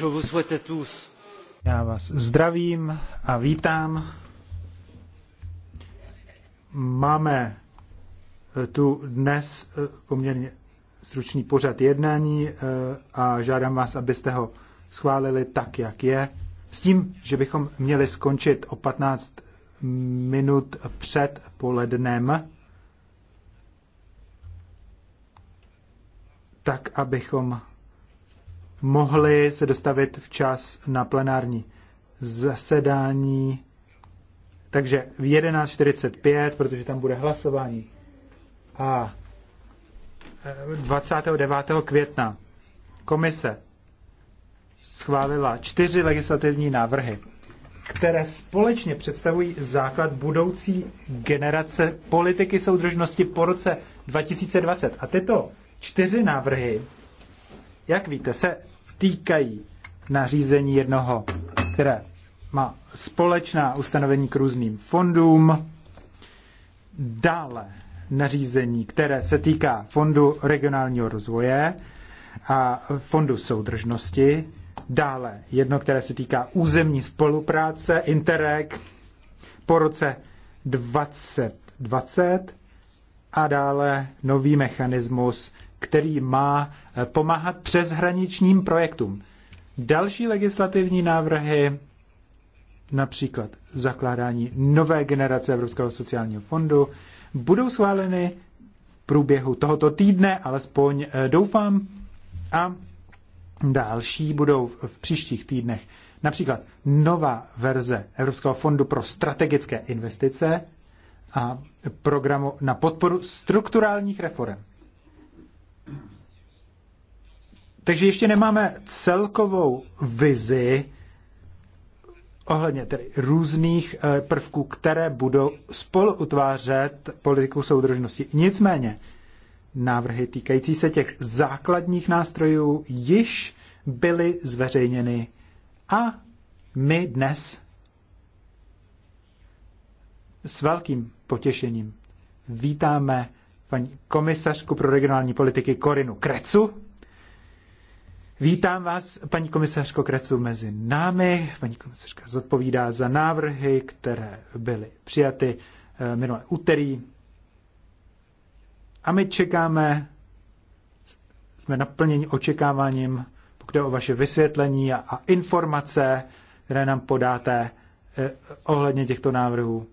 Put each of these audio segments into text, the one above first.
Je vous souhaite tous. Já vás zdravím a vítám. Máme eh, tu dnes eh, poměrně stručný pořad jednání eh, a žádám vás, abyste ho schválili tak, jak je. S tím, že bychom měli skončit o 15 minut před polednem, tak abychom mohli se dostavit včas na plenární zasedání. Takže v 11.45, protože tam bude hlasování. A 29. Eh, května komise schválila čtyři legislativní návrhy, které společně představují základ budoucí generace politiky soudržnosti po roce 2020. A tyto čtyři návrhy, jak víte, se týkají nařízení jednoho, které má společná ustanovení k různým fondům, dále nařízení, které se týká Fondu regionálního rozvoje a Fondu soudržnosti, dále jedno, které se týká územní spolupráce Interreg po roce 2020 a dále nový mechanismus který má eh, pomáhat přeshraničním projektům. Další legislativní návrhy, například zakládání nové generace Evropského sociálního fondu, budou schváleny v průběhu tohoto týdne, alespoň eh, doufám, a další budou v příštích týdnech. Například nová verze Evropského fondu pro strategické investice a programu na podporu strukturálních reform. Takže ještě nemáme celkovou vizi ohledně tedy různých eh, prvků, které budou spolu utvářet politiku soudržnosti. Nicméně návrhy týkající se těch základních nástrojů již byly zveřejněny a my dnes s velkým potěšením vítáme paní komisařku pro regionální politiky Korinu Krecu. Vítám vás, paní komisařko Krecu, mezi námi. Paní komisařka zodpovídá za návrhy, které byly přijaty eh, minulé úterý. A my čekáme, jsme naplněni očekáváním, pokud je o vaše vysvětlení a, a informace, které nám podáte eh, ohledně těchto návrhů.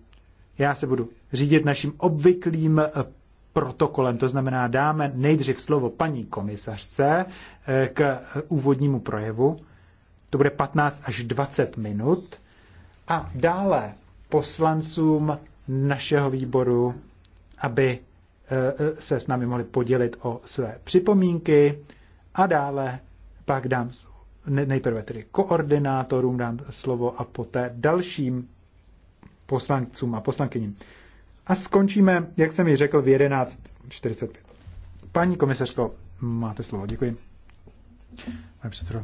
Já se budu řídit naším obvyklým eh, protokolem. To znamená, dáme nejdřív slovo paní komisařce eh, k úvodnímu projevu. To bude 15 až 20 minut. A dále poslancům našeho výboru, aby eh, eh, se s námi mohli podělit o své připomínky. A dále pak dám nejprve tedy koordinátorům dám slovo a poté dalším poslancům a poslankyním. A skončíme, jak jsem ji řekl, v 11.45. Paní komisařko, máte slovo, děkuji. Pane předsedo,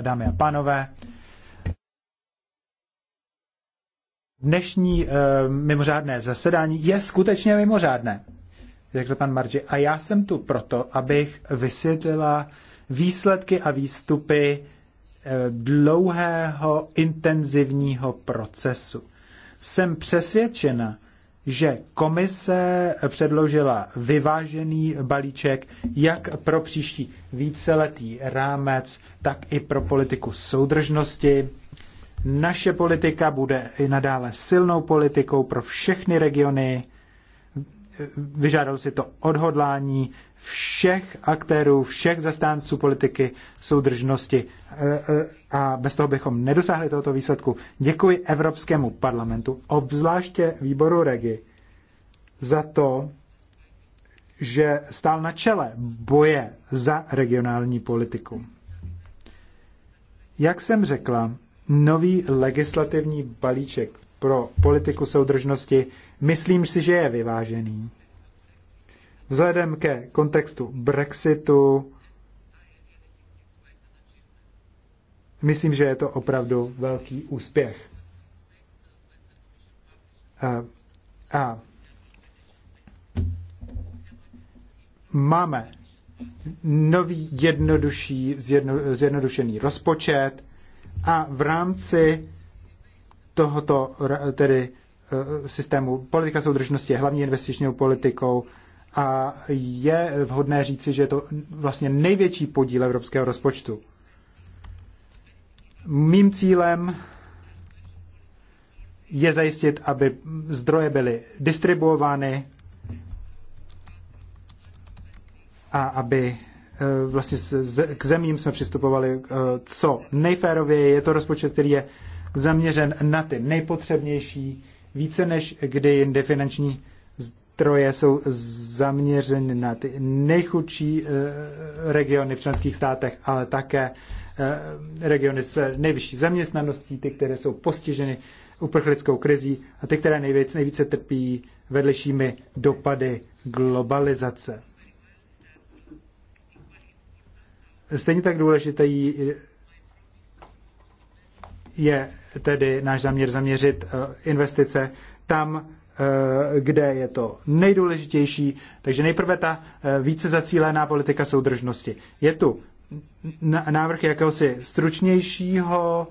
dámy a pánové, dnešní uh, mimořádné zasedání je skutečně mimořádné, řekl pan Marži. A já jsem tu proto, abych vysvětlila výsledky a výstupy uh, dlouhého intenzivního procesu jsem přesvědčena, že komise předložila vyvážený balíček jak pro příští víceletý rámec, tak i pro politiku soudržnosti. Naše politika bude i nadále silnou politikou pro všechny regiony vyžádalo si to odhodlání všech aktérů, všech zastánců politiky soudržnosti eh, eh, a bez toho bychom nedosáhli tohoto výsledku. Děkuji Evropskému parlamentu, obzvláště výboru Regi, za to, že stál na čele boje za regionální politiku. Jak jsem řekla, nový legislativní balíček pro politiku soudržnosti, myslím si, že je vyvážený. Vzhledem ke kontextu Brexitu, myslím, že je to opravdu velký úspěch. A, a máme nový jednodušší, zjedno, zjednodušený rozpočet a v rámci tohoto tedy eh, systému. Politika soudržnosti je hlavní investičního politikou a je vhodné říci, že je to vlastně největší podíl evropského rozpočtu. Mým cílem je zajistit, aby zdroje byly distribuovány a aby eh, vlastně k zemím jsme přistupovali eh, co nejférověji. Je to rozpočet, který je zaměřen na ty nejpotřebnější, více než kdy jinde finanční zdroje jsou zaměřeny na ty nejchudší eh, regiony v členských státech, ale také eh, regiony s nejvyšší zaměstnaností, ty, které jsou postiženy uprchlickou krizí a ty, které nejvíc, nejvíce trpí vedlejšími dopady globalizace. Stejně tak důležité je tedy náš zaměr zaměřit eh, investice tam, eh, kde je to nejdůležitější. Takže nejprve ta eh, více zacílená politika soudržnosti. Je tu návrh jakéhosi stručnějšího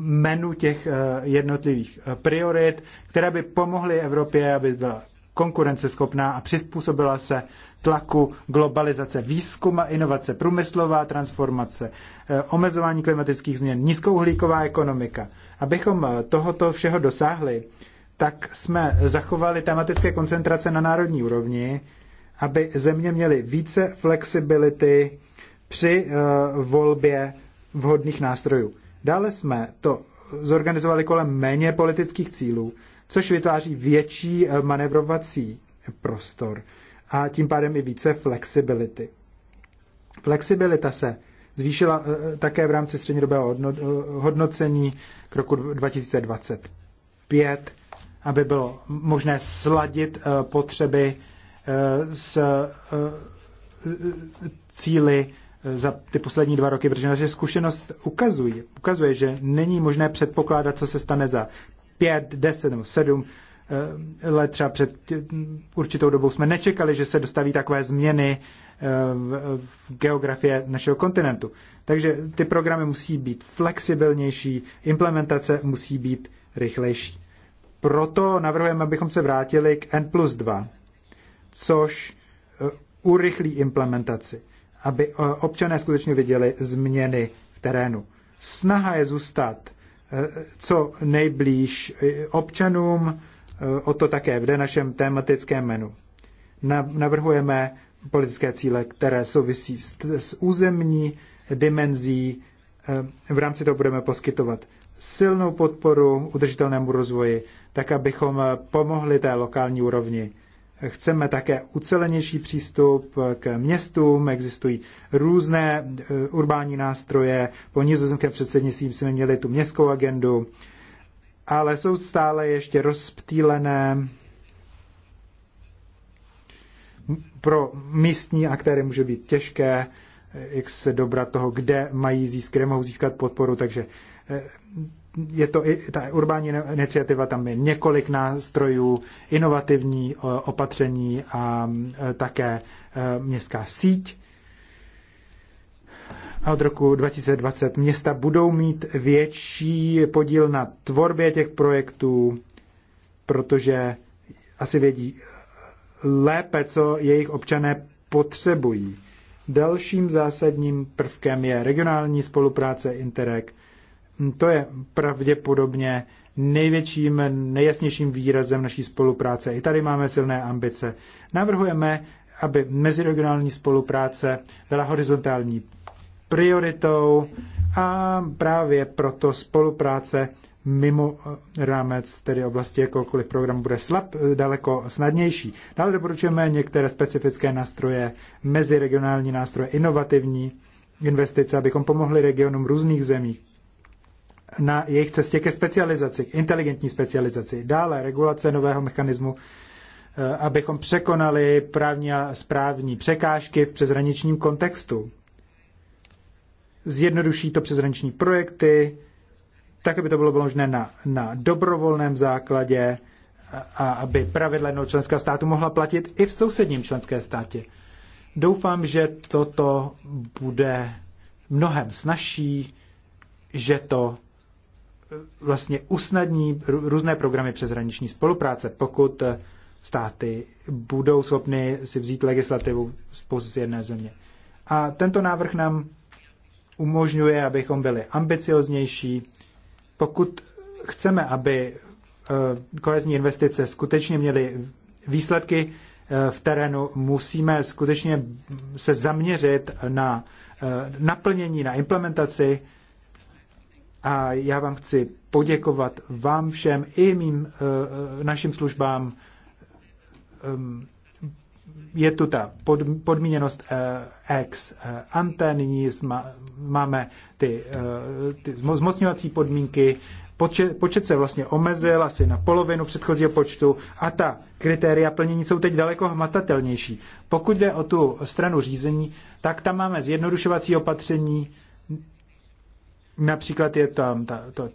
menu těch jednotlivých priorit, které by pomohly Evropě, aby byla konkurenceschopná a přizpůsobila se tlaku globalizace, výzkum a inovace, průmyslová transformace, eh, omezování klimatických změn, nízkouhlíková ekonomika. Abychom eh, tohoto všeho dosáhli, tak jsme zachovali tematické koncentrace na národní úrovni, aby země měly více flexibility při eh, volbě vhodných nástrojů. Dále jsme to zorganizovali kolem méně politických cílů, což vytváří větší eh, manevrovací prostor a tím pádem i více flexibility. Flexibilita se zvýšila eh, eh, také v rámci střednědobého hodnocení k roku 2025, aby bylo možné sladit potřeby s cíly za ty poslední dva roky, protože naše zkušenost ukazuje, ukazuje, že není možné předpokládat, co se stane za pět, deset nebo sedm eh, let třeba před určitou dobou jsme nečekali, že se dostaví takové změny eh, v geografie našeho kontinentu. Takže ty programy musí být flexibilnější, implementace musí být rychlejší. Proto navrhujeme, abychom se vrátili k N plus 2, což eh, urychlí implementaci, aby občané skutečně viděli změny v terénu. Snaha je zůstat co nejblíž občanům, o to také v našem tematickém menu. Navrhujeme politické cíle, které souvisí s, s územní dimenzí. Eh, v rámci toho budeme poskytovat silnou podporu udržitelnému rozvoji, tak abychom eh, pomohli té lokální úrovni Chceme také ucelenější přístup k městům, existují různé eh, urbání nástroje. Po nizozemském předsednictví jsme měli tu městskou agendu, ale jsou stále ještě rozptýlené. Pro místní aktéry může být těžké eh, jak se dobrat toho, kde mají získat, kde mohou získat podporu, takže eh, je to i ta urbání iniciativa, tam je několik nástrojů, inovativní opatření a e, také e, městská síť. A od roku 2020 města budou mít větší podíl na tvorbě těch projektů, protože asi vědí lépe, co jejich občané potřebují. Dalším zásadním prvkem je regionální spolupráce Interreg – to je pravděpodobně největším, nejjasnějším výrazem naší spolupráce. I tady máme silné ambice. Navrhujeme, aby meziregionální spolupráce byla horizontální prioritou a právě proto spolupráce mimo eh, rámec tedy oblasti jakoukoliv programu bude slab, eh, daleko snadnější. Dále doporučujeme některé specifické nástroje, meziregionální nástroje, inovativní investice, abychom pomohli regionům různých zemí na jejich cestě ke specializaci, k inteligentní specializaci. Dále regulace nového mechanismu, eh, abychom překonali právní a správní překážky v přeshraničním kontextu. Zjednoduší to přeshraniční projekty, tak, aby to bylo možné na, na dobrovolném základě a aby pravidla jednoho členského státu mohla platit i v sousedním členském státě. Doufám, že toto bude mnohem snažší, že to vlastně usnadní různé programy přeshraniční spolupráce, pokud státy budou schopny si vzít legislativu z pozice jedné země. A tento návrh nám umožňuje, abychom byli ambicioznější. Pokud chceme, aby eh, kohezní investice skutečně měly výsledky eh, v terénu, musíme skutečně se zaměřit na eh, naplnění, na implementaci a já vám chci poděkovat vám všem i mým eh, eh, našim službám. Ehm, je tu ta podmíněnost eh, ex ante, nyní máme ty, ty zmocňovací podmínky, počet, počet se vlastně omezil asi na polovinu předchozího počtu a ta kritéria plnění jsou teď daleko hmatatelnější. Pokud jde o tu stranu řízení, tak tam máme zjednodušovací opatření, Například je tam ta, to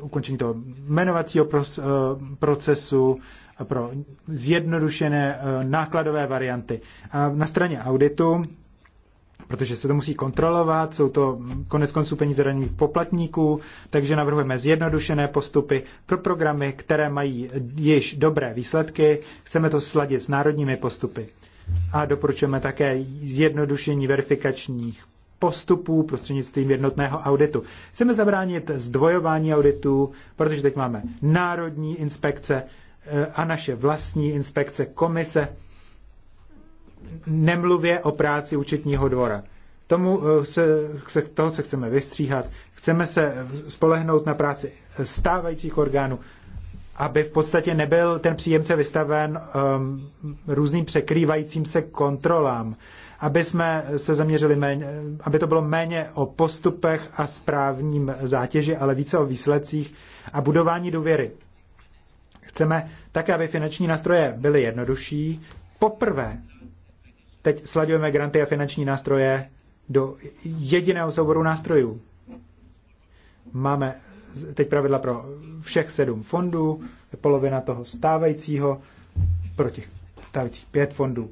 ukončení toho jmenovacího eh, procesu pro zjednodušené eh, nákladové varianty. A na straně auditu, protože se to musí kontrolovat, jsou to konec konců peníze daných poplatníků, takže navrhujeme zjednodušené postupy pro programy, které mají již dobré výsledky. Chceme to sladit s národními postupy. A doporučujeme také zjednodušení verifikačních postupů prostřednictvím jednotného auditu. Chceme zabránit zdvojování auditů, protože teď máme národní inspekce eh, a naše vlastní inspekce komise, nemluvě o práci účetního dvora. Tomu eh, se, se, toho se chceme vystříhat. Chceme se spolehnout na práci stávajících orgánů, aby v podstatě nebyl ten příjemce vystaven um, různým překrývajícím se kontrolám aby jsme se zaměřili méně, aby to bylo méně o postupech a správním zátěži, ale více o výsledcích a budování důvěry. Chceme také, aby finanční nástroje byly jednodušší. Poprvé teď sladujeme granty a finanční nástroje do jediného souboru nástrojů. Máme teď pravidla pro všech sedm fondů, polovina toho stávajícího, pro těch stávajících pět fondů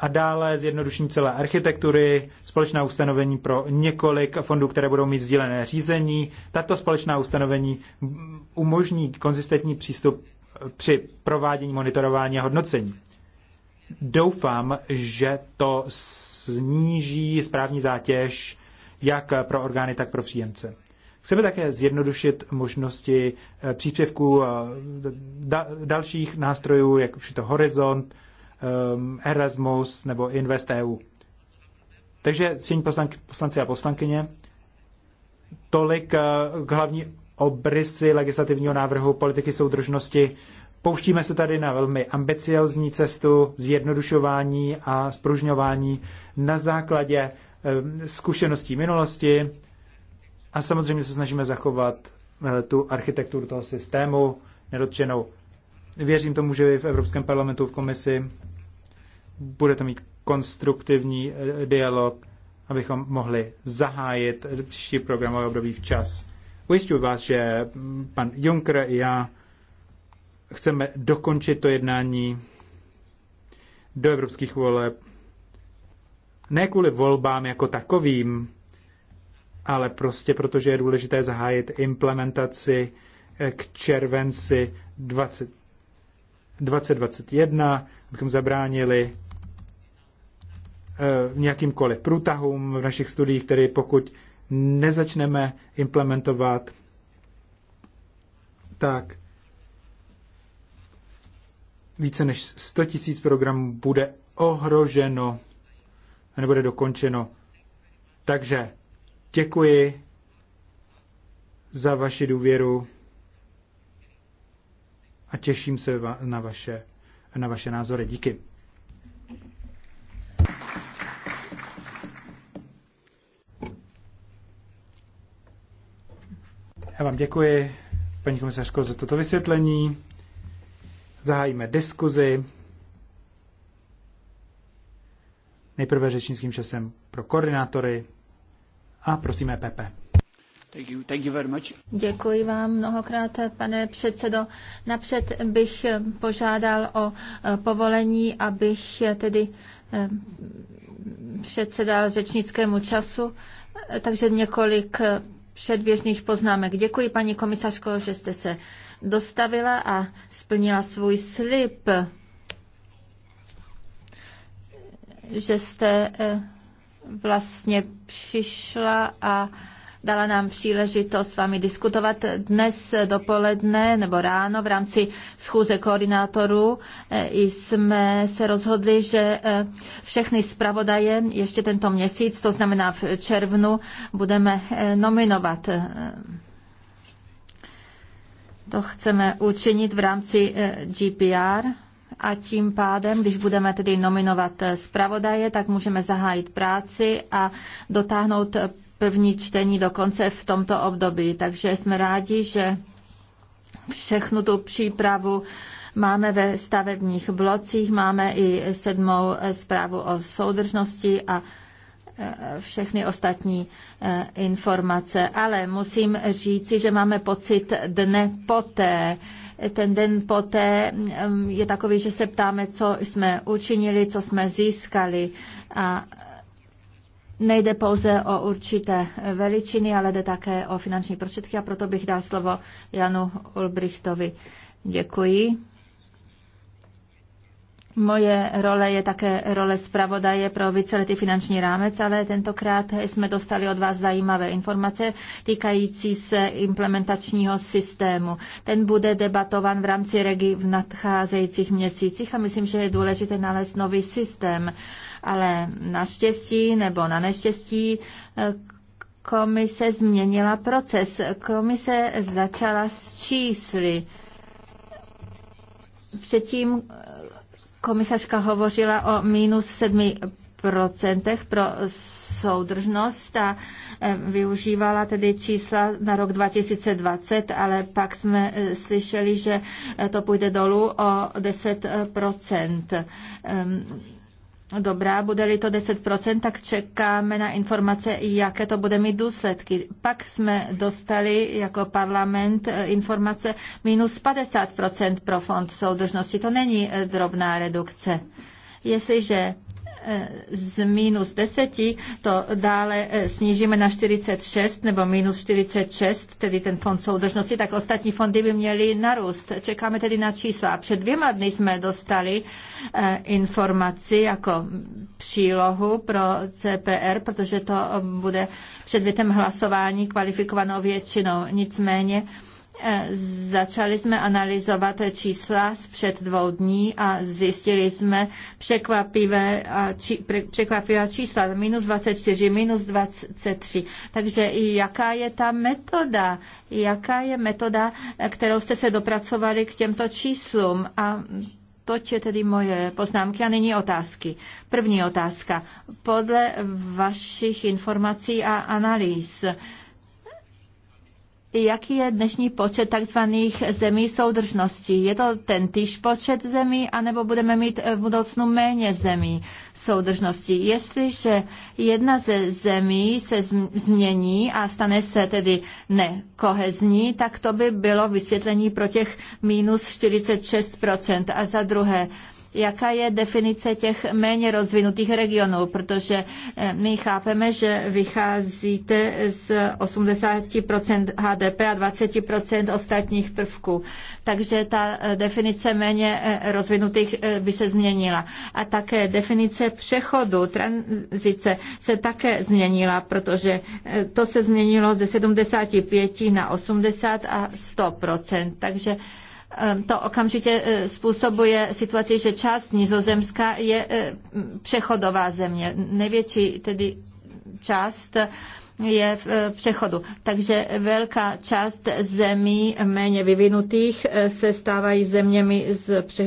a dále zjednodušení celé architektury, společná ustanovení pro několik fondů, které budou mít sdílené řízení. Tato společná ustanovení umožní konzistentní přístup při provádění monitorování a hodnocení. Doufám, že to sníží správní zátěž jak pro orgány, tak pro příjemce. Chceme také zjednodušit možnosti eh, příspěvků eh, dalších nástrojů, jak už je to Horizont, Um, Erasmus nebo InvestEU. Takže, cíň poslanci a poslankyně, tolik uh, k hlavní obrysy legislativního návrhu politiky soudržnosti. Pouštíme se tady na velmi ambiciozní cestu zjednodušování a spružňování na základě um, zkušeností minulosti a samozřejmě se snažíme zachovat uh, tu architekturu toho systému nedotčenou Věřím tomu, že vy v Evropském parlamentu, v komisi budete mít konstruktivní eh, dialog, abychom mohli zahájit příští programové období včas. Ujistuju vás, že pan Juncker i já chceme dokončit to jednání do evropských voleb. Ne kvůli volbám jako takovým, ale prostě protože je důležité zahájit implementaci eh, k červenci 20, 2021, abychom zabránili eh, nějakýmkoliv průtahům v našich studiích, které pokud nezačneme implementovat, tak více než 100 tisíc programů bude ohroženo a nebude dokončeno. Takže děkuji za vaši důvěru a těším se na vaše, na vaše názory. Díky. Já vám děkuji, paní komisařko, za toto vysvětlení. Zahájíme diskuzi. Nejprve řečnickým časem pro koordinátory a prosíme Pepe. Děkuji vám mnohokrát, pane předsedo. Napřed bych požádal o eh, povolení, abych eh, tedy eh, předsedal řečnickému času, takže několik předběžných poznámek. Děkuji, paní komisařko, že jste se dostavila a splnila svůj slib, že jste vlastně přišla a dala nám příležitost s vámi diskutovat dnes dopoledne nebo ráno v rámci schůze koordinátorů. E, jsme se rozhodli, že e, všechny zpravodaje ještě tento měsíc, to znamená v červnu, budeme e, nominovat. To chceme učinit v rámci GPR a tím pádem, když budeme tedy nominovat zpravodaje, tak můžeme zahájit práci a dotáhnout první čtení dokonce v tomto období. Takže jsme rádi, že všechnu tu přípravu máme ve stavebních blocích, máme i sedmou zprávu o soudržnosti a e, všechny ostatní e, informace. Ale musím říci, že máme pocit dne poté, ten den poté e, je takový, že se ptáme, co jsme učinili, co jsme získali a Nejde pouze o určité veličiny, ale jde také o finanční prostředky a proto bych dal slovo Janu Ulbrichtovi. Děkuji. Moje role je také role zpravodaje pro víceletý finanční rámec, ale tentokrát jsme dostali od vás zajímavé informace týkající se implementačního systému. Ten bude debatovan v rámci regi v nadcházejících měsících a myslím, že je důležité nalézt nový systém. Ale naštěstí nebo na neštěstí eh, komise změnila proces. Komise začala s čísly. Předtím Komisařka hovořila o minus 7 procentech pro soudržnost a e, využívala tedy čísla na rok 2020, ale pak jsme e, slyšeli, že e, to půjde dolů o 10 dobrá, bude-li to 10%, tak čekáme na informace, jaké to bude mít důsledky. Pak jsme dostali jako parlament eh, informace minus 50% pro fond soudržnosti. To není eh, drobná redukce. Jestliže z minus 10 to dále eh, snížíme na 46 nebo minus 46, tedy ten fond soudržnosti, tak ostatní fondy by měly narůst. Čekáme tedy na čísla. Před dvěma dny jsme dostali eh, informaci jako přílohu pro CPR, protože to bude předmětem hlasování kvalifikovanou většinou. Nicméně Začali jsme analyzovat čísla z před dvou dní a zjistili jsme překvapivé či, překvapivá čísla, minus 24, minus 23. Takže jaká je ta metoda? Jaká je metoda, kterou jste se dopracovali k těmto číslům? A to je tedy moje poznámky a nyní otázky. První otázka. Podle vašich informací a analýz, Jaký je dnešní počet takzvaných zemí soudržnosti? Je to ten týž počet zemí, anebo budeme mít eh, v budoucnu méně zemí soudržnosti? Jestliže jedna ze zemí se změní a stane se tedy nekohezní, tak to by bylo vysvětlení pro těch minus 46%. A za druhé, jaká je definice těch méně rozvinutých regionů, protože eh, my chápeme, že vycházíte z 80% HDP a 20% ostatních prvků. Takže ta eh, definice méně eh, rozvinutých by se změnila. A také definice přechodu, tranzice se také změnila, protože to se změnilo ze 75 na 80 a 100%. Takže Ehm, to okamžitě e, způsobuje situaci, že část Nizozemska je e, přechodová země. Největší tedy část je v eh, přechodu. Takže velká část zemí méně vyvinutých eh, se stávají zeměmi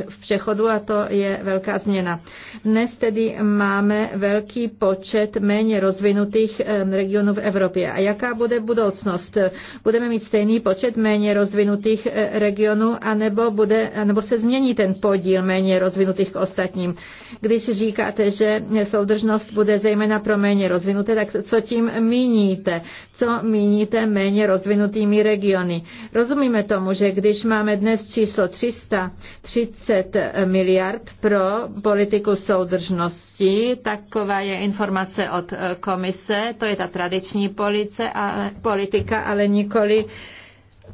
v přechodu a to je velká změna. Dnes tedy máme velký počet méně rozvinutých eh, regionů v Evropě. A jaká bude budoucnost? Budeme mít stejný počet méně rozvinutých regionů, anebo, bude, anebo se změní ten podíl méně rozvinutých k ostatním? Když říkáte, že soudržnost bude zejména pro méně rozvinuté, tak co tím míní? míníte? Co míníte méně rozvinutými regiony? Rozumíme tomu, že když máme dnes číslo 330 miliard pro politiku soudržnosti, taková je informace od eh, komise, to je ta tradiční police, ale, politika, ale nikoli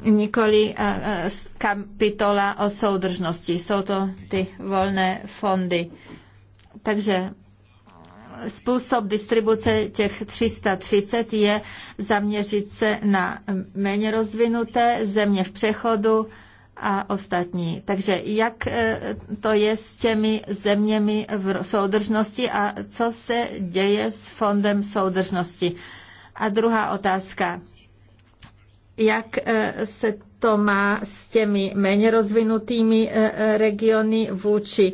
nikoli eh, eh, kapitola o soudržnosti. Jsou to ty volné fondy. Takže způsob distribuce těch 330 je zaměřit se na méně rozvinuté země v přechodu a ostatní. Takže jak e, to je s těmi zeměmi v soudržnosti a co se děje s fondem soudržnosti? A druhá otázka jak eh, se to má s těmi méně rozvinutými eh, eh, regiony vůči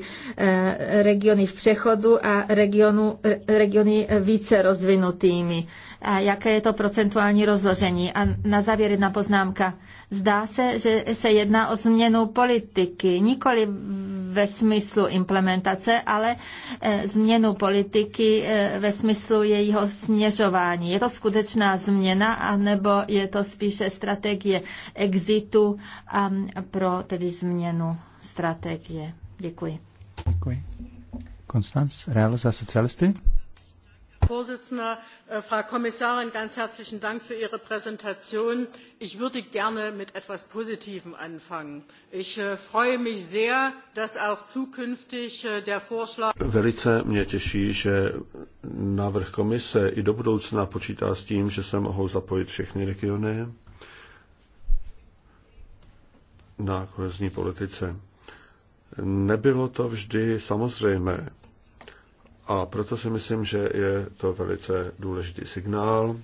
regiony v přechodu a regionu, regiony více rozvinutými. A jaké je to procentuální rozložení? A na závěr jedna poznámka. Zdá se, že se jedná o změnu politiky, nikoli ve smyslu implementace, ale e, změnu politiky e, ve smyslu jejího směřování. Je to skutečná změna, anebo je to spíše strategie exitu a pro tedy změnu strategie? Děkuji. Děkuji. Konstanc, za socialisty? Vorsitzender, äh, Frau Kommissarin, ganz herzlichen Dank für Ihre Präsentation. Ich würde gerne mit etwas Positivem anfangen. Ich äh, freue mich sehr, dass auch zukünftig äh, der Vorschlag. Velice mě těší, že návrh komise i do budoucna počítá s tím, že se mohou zapojit všechny regiony na kohezní politice. Nebylo to vždy samozřejmé. A proto si myslím, že je to velice důležitý signál,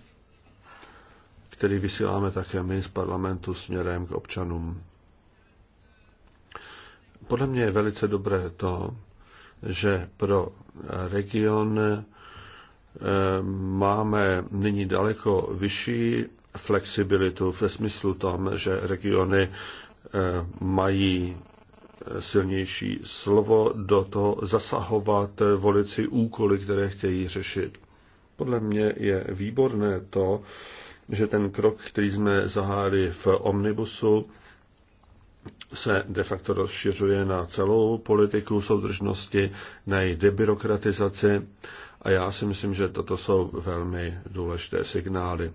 který vysíláme také my z parlamentu směrem k občanům. Podle mě je velice dobré to, že pro region eh, máme nyní daleko vyšší flexibilitu ve smyslu tom, že regiony eh, mají silnější slovo, do toho zasahovat eh, volici úkoly, které chtějí řešit. Podle mě je výborné to, že ten krok, který jsme zahájili v Omnibusu, se de facto rozšiřuje na celou politiku soudržnosti, na její debirokratizaci a já si myslím, že toto jsou velmi důležité signály.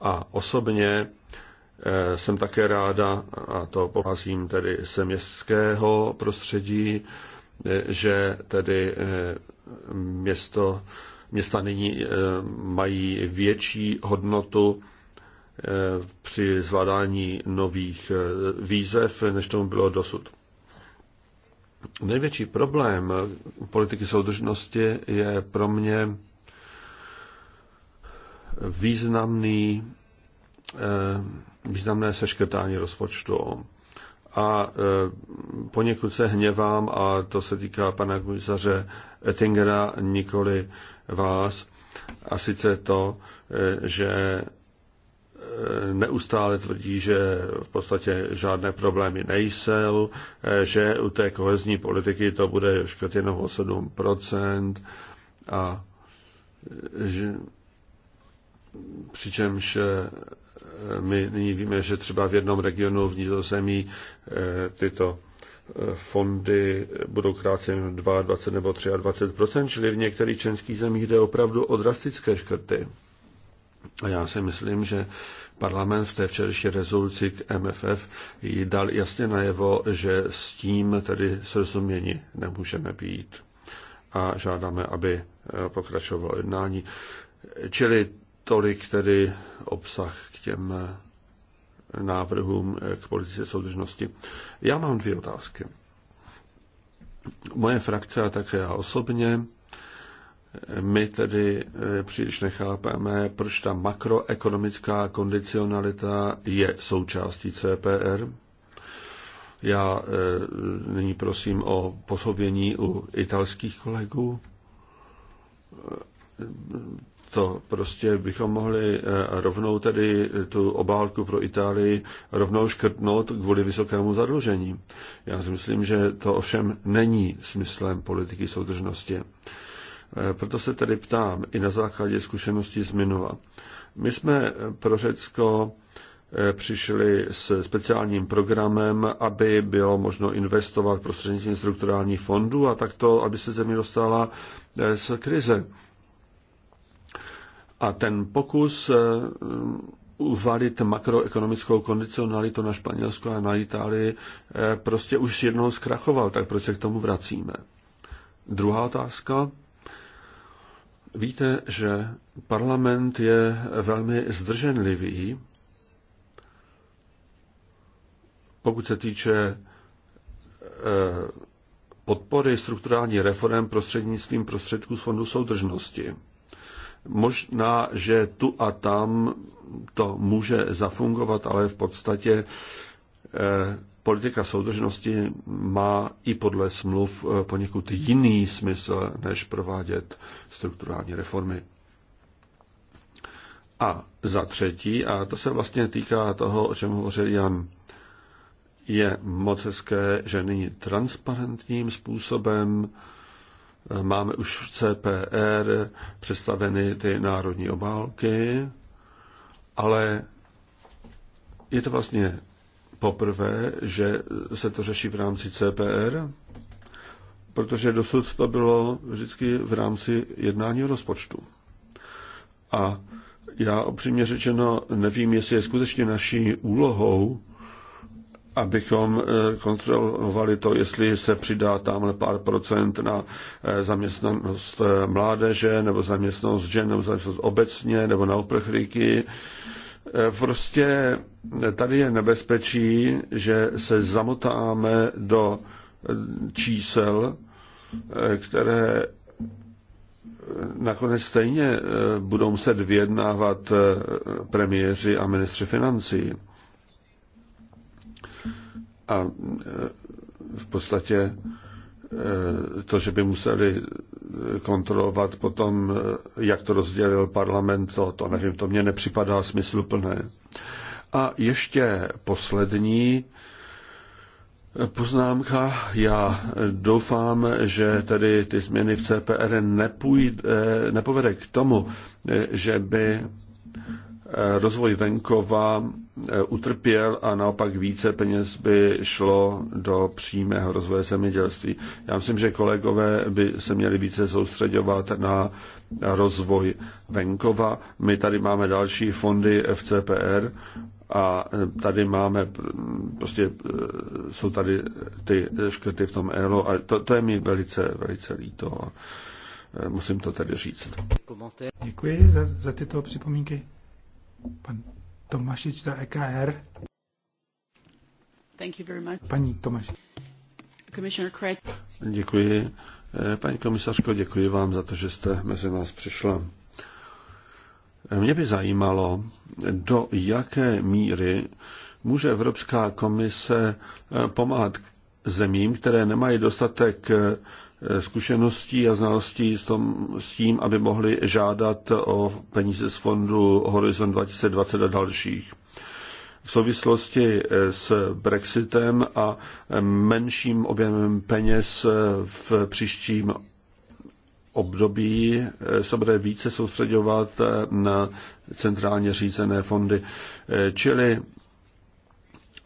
A osobně Eh, jsem také ráda, a to pocházím tedy z městského prostředí, eh, že tedy eh, město, města nyní mají větší hodnotu při zvládání nových výzev, než tomu bylo dosud. Největší problém politiky soudržnosti je pro mě významný významné seškrtání rozpočtu. A e, poněkud se hněvám, a to se týká pana komisaře Ettingera, nikoli vás, a sice to, e, že e, neustále tvrdí, že v podstatě žádné problémy nejsou, že u té kohezní politiky to bude škrt jenom o 7% a že, přičemž my nyní víme, že třeba v jednom regionu v Nizozemí eh, tyto eh, fondy budou kráceny 22 nebo 23 čili v některých členských zemích jde opravdu o drastické škrty. A já si myslím, že parlament v té včerejší rezoluci k MFF ji dal jasně najevo, že s tím tedy srozuměni nemůžeme být. A žádáme, aby eh, pokračovalo jednání. Čili Tolik tedy obsah k těm eh, návrhům eh, k politice soudržnosti. Já mám dvě otázky. Moje frakce a také já osobně, eh, my tedy příliš nechápeme, proč ta makroekonomická kondicionalita je součástí CPR. Já nyní prosím o posouvění u italských kolegů to prostě bychom mohli eh, rovnou tedy eh, tu obálku pro Itálii rovnou škrtnout kvůli vysokému zadlužení. Já si myslím, že to ovšem není smyslem politiky soudržnosti. Eh, proto se tedy ptám i na základě zkušeností z minula. My jsme pro Řecko přišli s speciálním programem, aby bylo možno investovat prostřednictvím strukturálních fondů a takto, aby se země dostala z krize. A ten pokus eh, uvalit makroekonomickou kondicionalitu na Španělsko a na Itálii eh, prostě už jednou zkrachoval, tak proč se k tomu vracíme? Druhá otázka. Víte, že parlament je velmi zdrženlivý, pokud se týče eh, podpory strukturální reform prostřednictvím prostředků z Fondu soudržnosti. Možná, že tu a tam to může zafungovat, ale v podstatě eh, politika soudržnosti má i podle smluv eh, poněkud jiný smysl, než provádět strukturální reformy. A za třetí, a to se vlastně týká toho, o čem hovořil Jan, je moc hezké, že nyní transparentním způsobem Máme už v CPR představeny ty národní obálky, ale je to vlastně poprvé, že se to řeší v rámci CPR, protože dosud to bylo vždycky v rámci jednání rozpočtu. A já opřímně řečeno nevím, jestli je skutečně naší úlohou abychom eh, kontrolovali to, jestli se přidá tamhle pár procent na eh, zaměstnanost eh, mládeže, nebo zaměstnanost žen, nebo zaměstnanost obecně, nebo na uprchlíky. Prostě tady je nebezpečí, že se zamotáme do čísel, které nakonec stejně budou muset vyjednávat premiéři a ministři financí. A e, v podstatě e, to, že by museli kontrolovat potom, e, jak to rozdělil parlament, to, to nevím, to mně nepřipadá smysluplné. A ještě poslední poznámka. Já doufám, že tedy ty změny v CPR nepůjde, nepovede k tomu, že by Eh, rozvoj venkova eh, utrpěl a naopak více peněz by šlo do přímého rozvoje zemědělství. Já myslím, že kolegové by se měli více soustředovat na rozvoj venkova. My tady máme další fondy FCPR a eh, tady máme, mm, prostě jsou tady ty škrty v tom ELO a to, to je mi velice, velice líto. Musím to tedy říct. Děkuji za, za tyto připomínky. Pan Tomášič za EKR. Thank you very much. Paní Tomáš. Craig. Děkuji. Eh, paní komisařko, děkuji vám za to, že jste mezi nás přišla. Eh, mě by zajímalo, do jaké míry může Evropská komise eh, pomáhat zemím, které nemají dostatek Eh, zkušeností a znalostí s, tom, s tím, aby mohli žádat o peníze z fondu Horizon 2020 a dalších. V souvislosti eh, s Brexitem a eh, menším objemem peněz v příštím období se bude více soustředovat na centrálně řízené fondy. Čili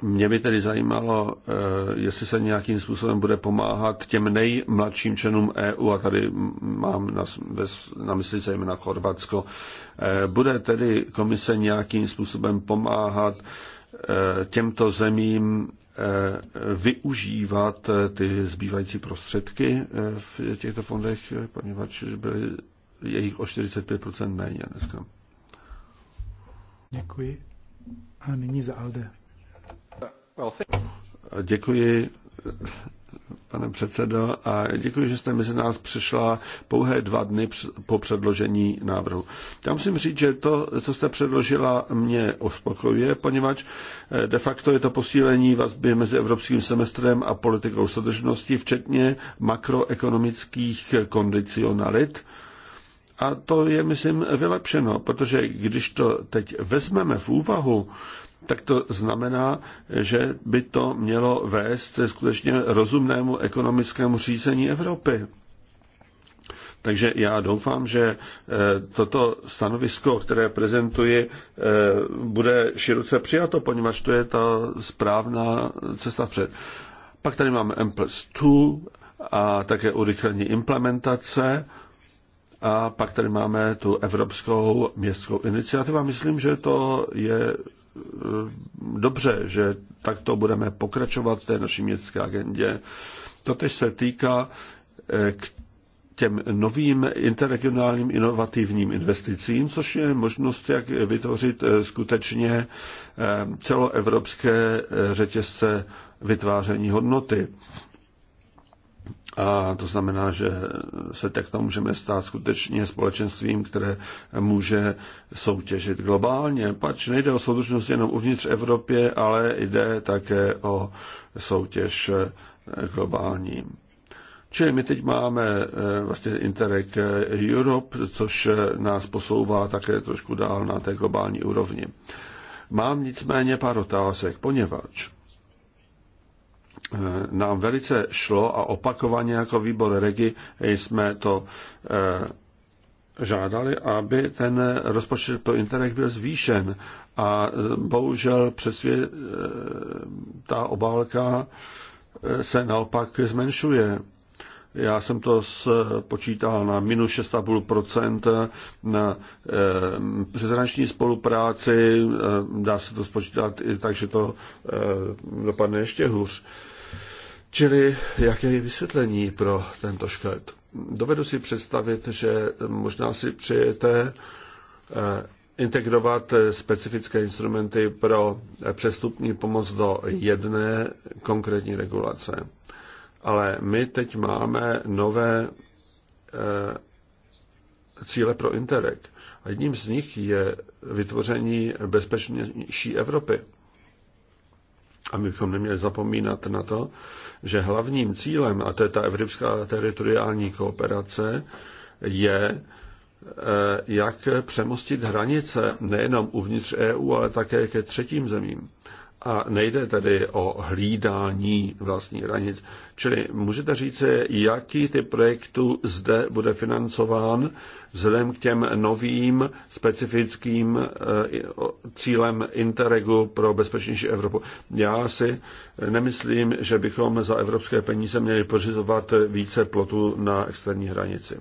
mě by tedy zajímalo, eh, jestli se nějakým způsobem bude pomáhat těm nejmladším členům EU, a tady mám na, na mysli zejména Chorvatsko, eh, bude tedy komise nějakým způsobem pomáhat eh, těmto zemím využívat ty zbývající prostředky v těchto fondech, poněvadž byly jejich o 45% méně dneska. Děkuji. A nyní za Alde. Děkuji, pane předsedo, a děkuji, že jste mezi nás přišla pouhé dva dny po předložení návrhu. Já musím říct, že to, co jste předložila, mě uspokojuje, poněvadž eh, de facto je to posílení vazby mezi evropským semestrem a politikou soudržnosti, včetně makroekonomických kondicionalit. A to je, myslím, vylepšeno, protože když to teď vezmeme v úvahu, tak to znamená, že by to mělo vést skutečně rozumnému ekonomickému řízení Evropy. Takže já doufám, že eh, toto stanovisko, které prezentuji, eh, bude široce přijato, poněvadž to je ta správná cesta před. Pak tady máme M plus 2 a také urychlení implementace. A pak tady máme tu Evropskou městskou iniciativu a myslím, že to je Eh, dobře, že takto budeme pokračovat v té naší městské agendě. Totež se týká eh, k těm novým interregionálním inovativním investicím, což je možnost, jak vytvořit eh, skutečně celoevropské řetězce vytváření hodnoty. A to znamená, že se tam můžeme stát skutečně společenstvím, které může soutěžit globálně. Pač nejde o soudržnost jenom uvnitř Evropě, ale jde také o soutěž globální. Čili my teď máme eh, vlastně Interreg Europe, což nás posouvá také trošku dál na té globální úrovni. Mám nicméně pár otázek, poněvadž Eh, nám velice šlo a opakovaně jako výbor Regi jsme to eh, žádali, aby ten rozpočet pro Interreg byl zvýšen. A eh, bohužel přesvě ta obálka se naopak zmenšuje. Já jsem to spočítal na minus 6,5% na e, přeshraniční spolupráci. E, dá se to spočítat i tak, že to e, dopadne ještě hůř. E, Čili jaké je vysvětlení pro tento škrt? Dovedu si představit, že možná si přejete eh, integrovat eh, specifické instrumenty pro eh, přestupní pomoc do jedné konkrétní regulace. Ale my teď máme nové cíle pro Interreg. A jedním z nich je vytvoření bezpečnější Evropy. A my bychom neměli zapomínat na to, že hlavním cílem, a to je ta evropská teritoriální kooperace, je eh, jak přemostit hranice nejenom uvnitř EU, ale také ke třetím zemím. A nejde tedy o hlídání vlastních hranic. Čili můžete říct, jaký ty projektů zde bude financován vzhledem k těm novým specifickým eh, cílem Interregu pro bezpečnější Evropu. Já si nemyslím, že bychom za evropské peníze měli pořizovat více plotů na externí hranici.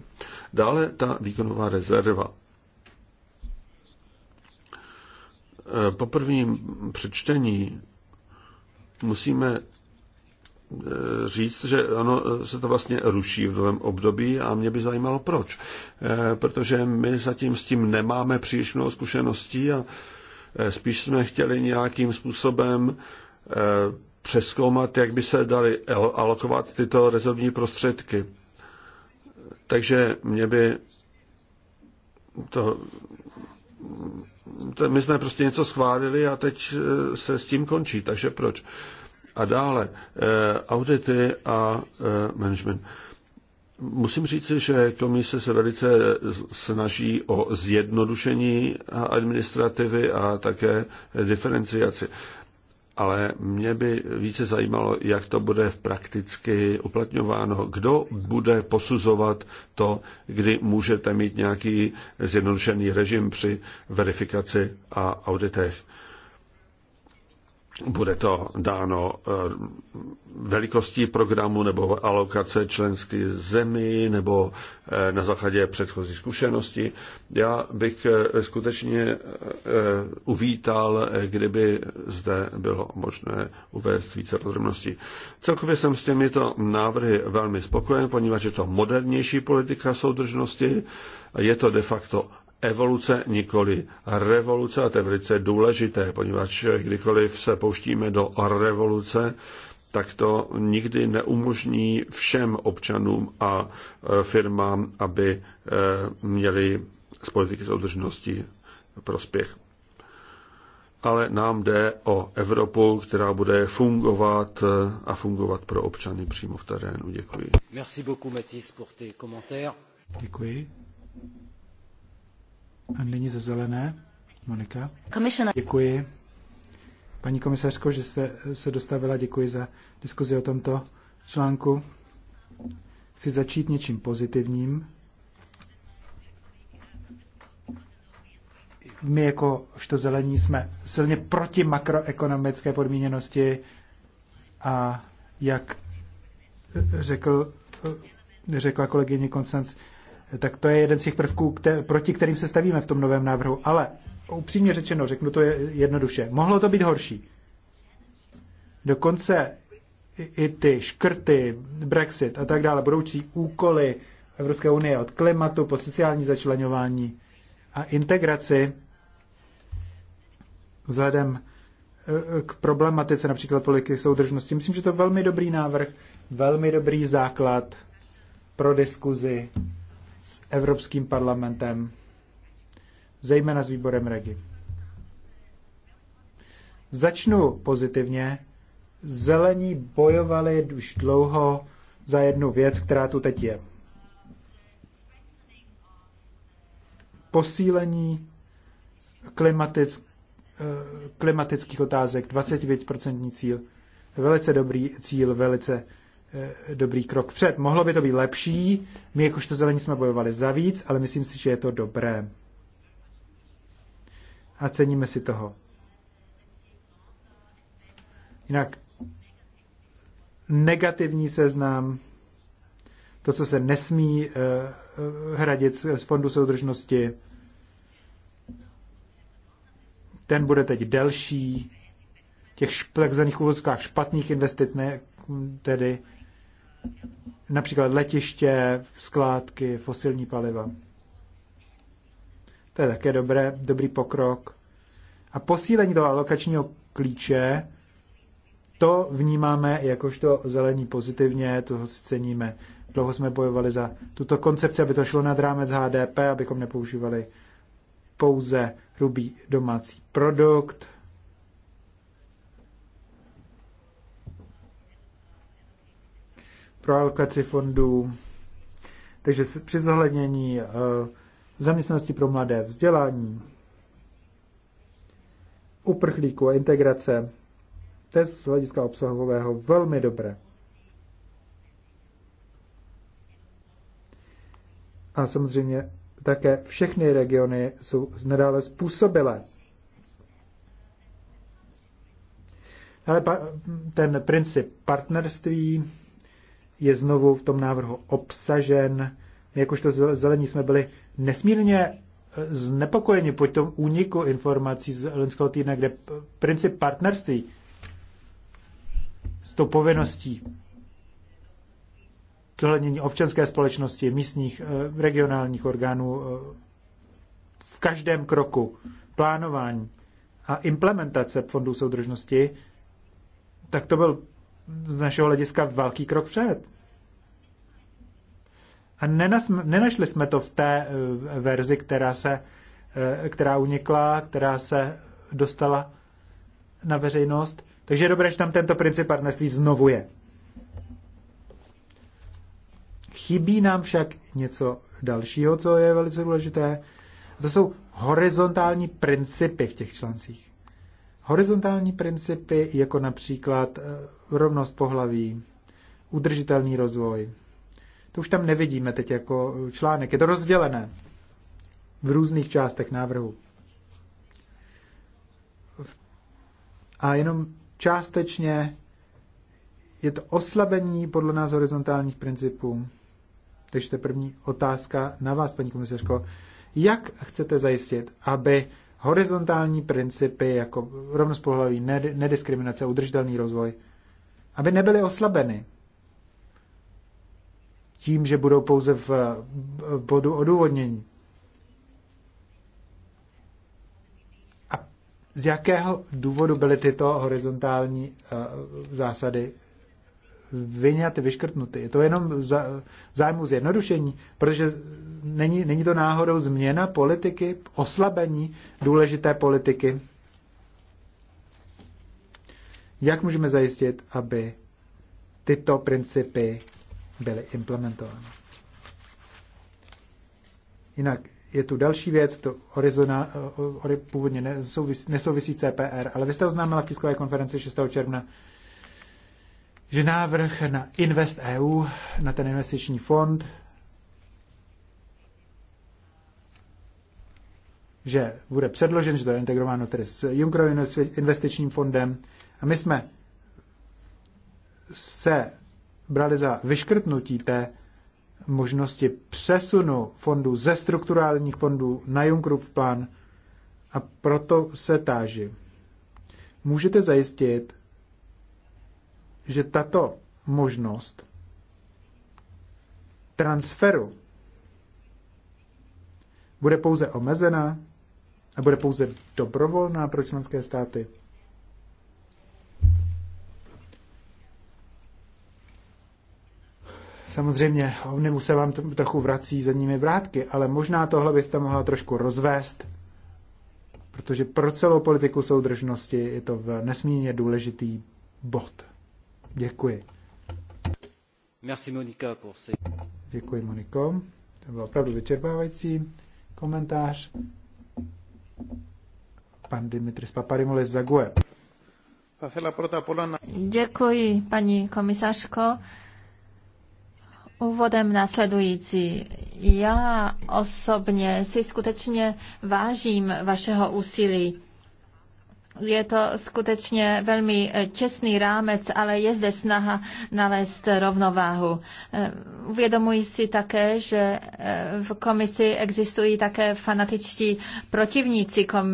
Dále ta výkonová rezerva. Eh, po prvním přečtení musíme eh, říct, že ono eh, se to vlastně ruší v novém období a mě by zajímalo proč. Protože my zatím s tím nemáme příliš mnoho zkušeností a spíš jsme chtěli nějakým způsobem přeskoumat, jak by se dali alokovat tyto rezervní prostředky. Takže mě by to my jsme prostě něco schválili a teď eh, se s tím končí, takže proč? A dále, eh, audity a eh, management. Musím říci, že komise se velice snaží o zjednodušení administrativy a také diferenciaci ale mě by více zajímalo, jak to bude v prakticky uplatňováno. Kdo bude posuzovat to, kdy můžete mít nějaký zjednodušený režim při verifikaci a auditech? Bude to dáno eh, velikostí programu nebo alokace členské zemi nebo eh, na základě předchozí zkušenosti. Já bych eh, skutečně uvítal, kdyby zde bylo možné uvést více podrobností. Celkově jsem s těmito návrhy velmi spokojen, poněvadž je to modernější politika soudržnosti, je to de facto evoluce, nikoli revoluce, a to je velice důležité, poněvadž kdykoliv se pouštíme do revoluce, tak to nikdy neumožní všem občanům a e, firmám, aby e, měli z politiky soudržnosti prospěch. Ale nám jde o Evropu, která bude fungovat e, a fungovat pro občany přímo v terénu. Děkuji. Merci beaucoup, Mathis, pour tes commentaires. Děkuji. A nyní ze zelené. Monika. Commissioner. Děkuji. Paní komisařko, že jste se dostavila, děkuji za diskuzi o tomto článku. Chci začít něčím pozitivním. My jako to zelení jsme silně proti makroekonomické podmíněnosti a jak řekl, řekla kolegyně Konstanc, tak to je jeden z těch prvků, kter- proti kterým se stavíme v tom novém návrhu. Ale upřímně řečeno, řeknu to jednoduše, mohlo to být horší. Dokonce i ty škrty, Brexit a tak dále, budoucí úkoly Evropské unie od klimatu po sociální začlenování a integraci vzhledem e, k problematice například politiky soudržnosti. Myslím, že to je velmi dobrý návrh, velmi dobrý základ pro diskuzi s Evropským parlamentem, zejména s výborem Regi. Začnu pozitivně. Zelení bojovali už dlouho za jednu věc, která tu teď je. Posílení klimatických eh, klimatických otázek, 25% cíl, velice dobrý cíl, velice Eh, dobrý krok před. Mohlo by to být lepší, my jakožto zelení jsme bojovali za víc, ale myslím si, že je to dobré. A ceníme si toho. Jinak negativní seznam, to, co se nesmí uh, hradit z, z fondu soudržnosti, ten bude teď delší, těch takzvaných úvozkách špatných investic, ne, tedy například letiště, skládky, fosilní paliva. To je také dobré, dobrý pokrok. A posílení toho alokačního klíče, to vnímáme jakožto zelení pozitivně, toho si ceníme. Dlouho jsme bojovali za tuto koncepci, aby to šlo nad rámec HDP, abychom nepoužívali pouze hrubý domácí produkt, pro alokaci fondů. Takže při zohlednění eh, zaměstnanosti pro mladé, vzdělání, uprchlíků a integrace, to je z hlediska obsahového velmi dobré. A samozřejmě také všechny regiony jsou nadále způsobilé. Ale ten princip partnerství je znovu v tom návrhu obsažen. My jakožto zelení jsme byli nesmírně eh, znepokojeni po tom úniku informací z loňského týdne, kde princip partnerství s tou povinností zohlednění občanské společnosti, místních, eh, regionálních orgánů eh, v každém kroku, plánování a implementace fondů soudržnosti, tak to byl z našeho hlediska velký krok před. A nenas, nenašli jsme to v té eh, verzi, která, se, eh, která unikla, která se dostala na veřejnost. Takže je dobré, že tam tento princip partnerství znovu je. Chybí nám však něco dalšího, co je velice důležité. To jsou horizontální principy v těch článcích. Horizontální principy, jako například eh, rovnost pohlaví, udržitelný rozvoj, to už tam nevidíme teď jako článek. Je to rozdělené v různých částech návrhu. A jenom částečně je to oslabení podle nás horizontálních principů. Takže to je první otázka na vás, paní komisařko. Jak chcete zajistit, aby horizontální principy jako rovnost pohlaví, nediskriminace, udržitelný rozvoj, aby nebyly oslabeny tím, že budou pouze v bodu odůvodnění. A z jakého důvodu byly tyto horizontální eh, zásady vyňaty, vyškrtnuty? Je to jenom zájmu zjednodušení, protože není, není to náhodou změna politiky, oslabení důležité politiky. Jak můžeme zajistit, aby tyto principy byly implementovány. Jinak je tu další věc, to Orizona, eh, ori, původně nesouvisí, nesouvisí CPR, ale vy jste oznámila v tiskové konferenci 6. června, že návrh na Invest EU, na ten investiční fond, že bude předložen, že to je integrováno tedy s Junckerovým investičním fondem. A my jsme se brali za vyškrtnutí té možnosti přesunu fondů ze strukturálních fondů na Junckerův plán a proto se táži. Můžete zajistit, že tato možnost transferu bude pouze omezená a bude pouze dobrovolná pro členské státy? Samozřejmě, mu se vám trochu vrací zadními vrátky, ale možná tohle byste mohla trošku rozvést, protože pro celou politiku soudržnosti je to v nesmírně důležitý bod. Děkuji. Merci Monika. Pour Děkuji Moniko. To byl opravdu vyčerpávající komentář. Pan Dimitris Paparimulis Zagueb. Děkuji, paní komisařko. Úvodem následující. Já osobně si skutečně vážím vašeho úsilí je to skutečně velmi eh, těsný rámec, ale je zde snaha nalézt rovnováhu. Eh, uvědomuji si také, že eh, v komisi existují také fanatičtí protivníci kom,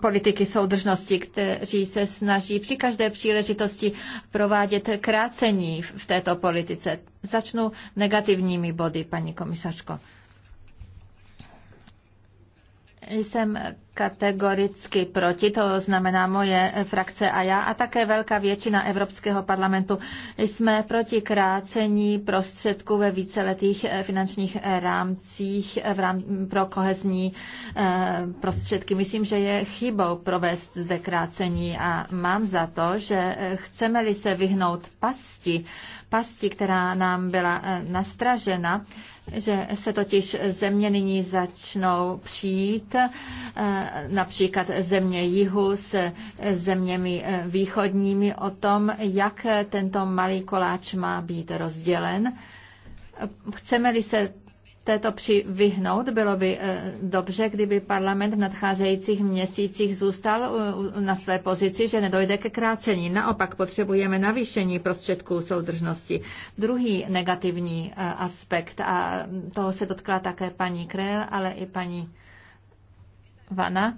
politiky soudržnosti, kteří se snaží při každé příležitosti provádět krácení v této politice. Začnu negativními body, paní komisařko. Jsem kategoricky proti, to znamená moje frakce a já a také velká většina Evropského parlamentu jsme proti krácení prostředků ve víceletých eh, finančních eh, rámcích eh, v rám, pro kohezní prostředky. Myslím, že je chybou provést zde krácení a mám za to, že chceme-li se vyhnout pasti, pasti, která nám byla nastražena, že se totiž země nyní začnou přijít například země jihu s zeměmi eh, východními o tom, jak tento malý koláč má být rozdělen. Chceme-li se této při vyhnout, bylo by eh, dobře, kdyby parlament v nadcházejících měsících zůstal eh, na své pozici, že nedojde ke krácení. Naopak potřebujeme navýšení prostředků soudržnosti. Druhý negativní aspekt, a toho se dotkla také paní Krell, ale i paní Vana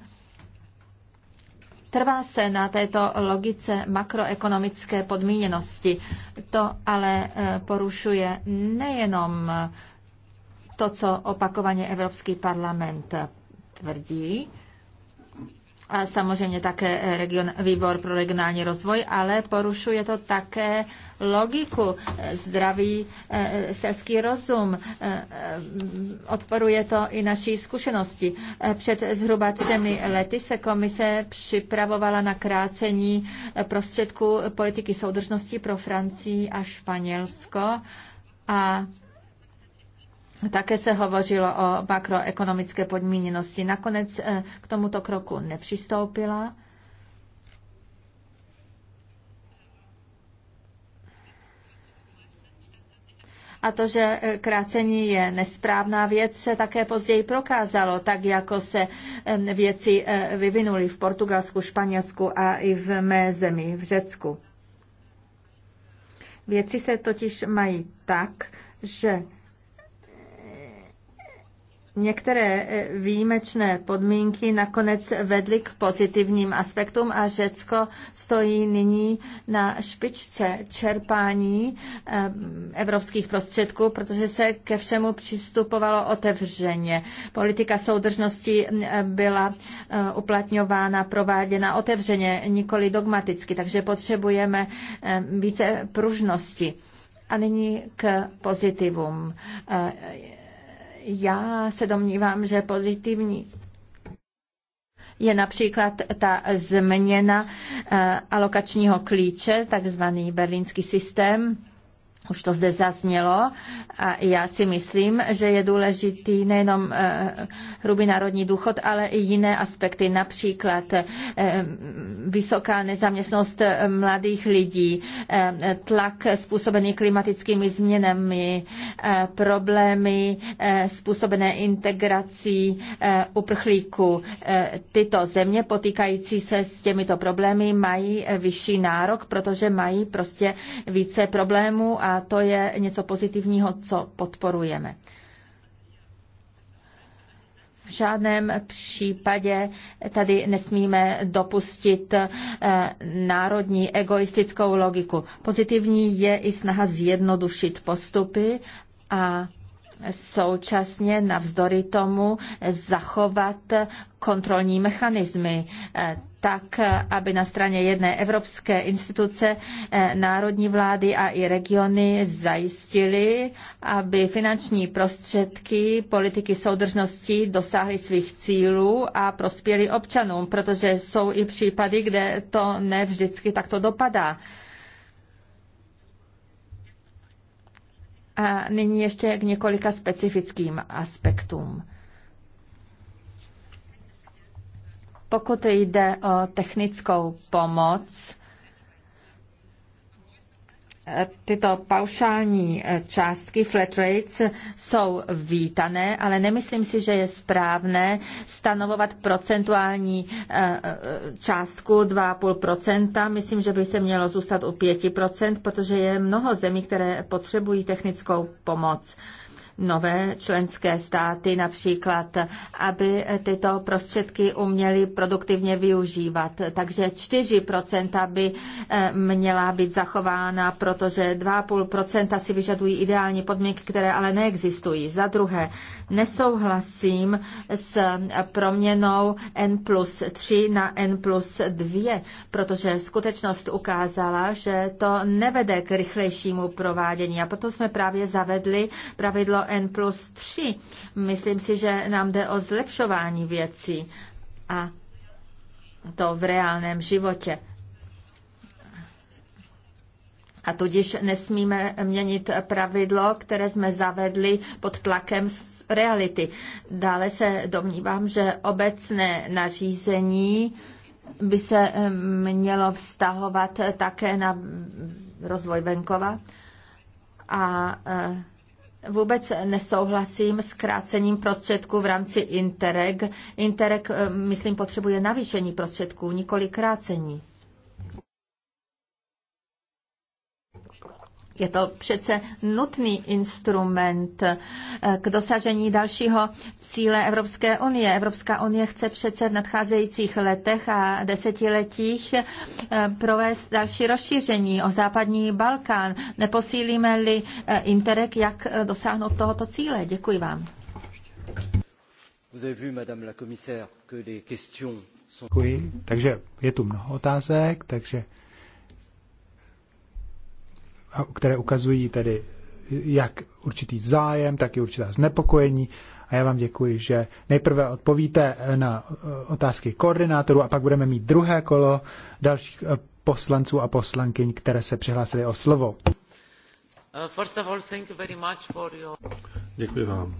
trvá se na této logice makroekonomické podmíněnosti. To ale eh, porušuje nejenom to, co opakovaně Evropský parlament tvrdí, a samozřejmě také eh, region, výbor pro regionální rozvoj, ale porušuje to také logiku, zdravý eh, eh, selský rozum. Odporuje to i naší zkušenosti. Před zhruba třemi lety se komise připravovala na krácení prostředků politiky soudržnosti pro Francii a Španělsko a také se hovořilo o makroekonomické podmíněnosti. Nakonec eh, k tomuto kroku nepřistoupila. A to, že eh, krácení je nesprávná věc, se také později prokázalo, tak jako se eh, věci vyvinuly v Portugalsku, Španělsku a i v mé zemi, v Řecku. Věci se totiž mají tak, že některé eh, výjimečné podmínky nakonec vedly k pozitivním aspektům a Řecko stojí nyní na špičce čerpání eh, evropských prostředků, protože se ke všemu přistupovalo otevřeně. Politika soudržnosti eh, byla uplatňována, prováděna otevřeně, nikoli dogmaticky, takže potřebujeme více pružnosti. A nyní k pozitivům já se domnívám, že pozitivní je například ta změna eh, alokačního klíče, takzvaný berlínský systém, už to zde zaznělo a já si myslím, že je důležitý nejenom eh, hrubý národní důchod, ale i jiné aspekty, například eh, vysoká nezaměstnost eh, mladých lidí, tlak způsobený klimatickými změnami, problémy způsobené integrací uprchlíků. Tyto země potýkající se s těmito problémy mají vyšší nárok, protože mají prostě více problémů a to je něco pozitivního, co podporujeme. V žádném případě tady nesmíme dopustit eh, národní egoistickou logiku. Pozitivní je i snaha zjednodušit postupy a současně navzdory tomu zachovat kontrolní mechanismy eh, tak, aby na straně jedné evropské instituce eh, národní vlády a i regiony zajistili, aby finanční prostředky politiky soudržnosti dosáhly svých cílů a prospěly občanům, protože jsou i případy, kde to ne vždycky takto dopadá. A nyní ještě k několika specifickým aspektům. Pokud jde o technickou pomoc, tyto paušální eh, částky flat rates jsou vítané, ale nemyslím si, že je správné stanovovat procentuální eh, eh, částku 2,5%. Myslím, že by se mělo zůstat u 5%, protože je mnoho zemí, které potřebují technickou pomoc nové členské státy například, aby tyto prostředky uměly produktivně využívat. Takže 4% by eh, měla být zachována, protože 2,5% si vyžadují ideální podmínky, které ale neexistují. Za druhé, nesouhlasím s proměnou N plus 3 na N plus 2, protože skutečnost ukázala, že to nevede k rychlejšímu provádění. A proto jsme právě zavedli pravidlo N plus 3. Myslím si, že nám jde o zlepšování věcí a to v reálném životě. A tudíž nesmíme měnit pravidlo, které jsme zavedli pod tlakem reality. Dále se domnívám, že obecné nařízení by se mělo vztahovat také na rozvoj venkova a e, Vůbec nesouhlasím s krácením prostředků v rámci Interreg. Interreg, eh, myslím, potřebuje navýšení prostředků, nikoli krácení. Je to přece nutný instrument eh, k dosažení dalšího cíle Evropské unie. Evropská unie chce přece v nadcházejících letech a desetiletích eh, provést další rozšíření o západní Balkán. Neposílíme-li eh, interek, jak dosáhnout tohoto cíle? Děkuji vám. Děkuji. Takže je tu mnoho otázek, takže které ukazují tedy jak určitý zájem, tak i určitá znepokojení. A já vám děkuji, že nejprve odpovíte na eh, otázky koordinátorů a pak budeme mít druhé kolo dalších eh, poslanců a poslankyň, které se přihlásili o slovo. Děkuji vám.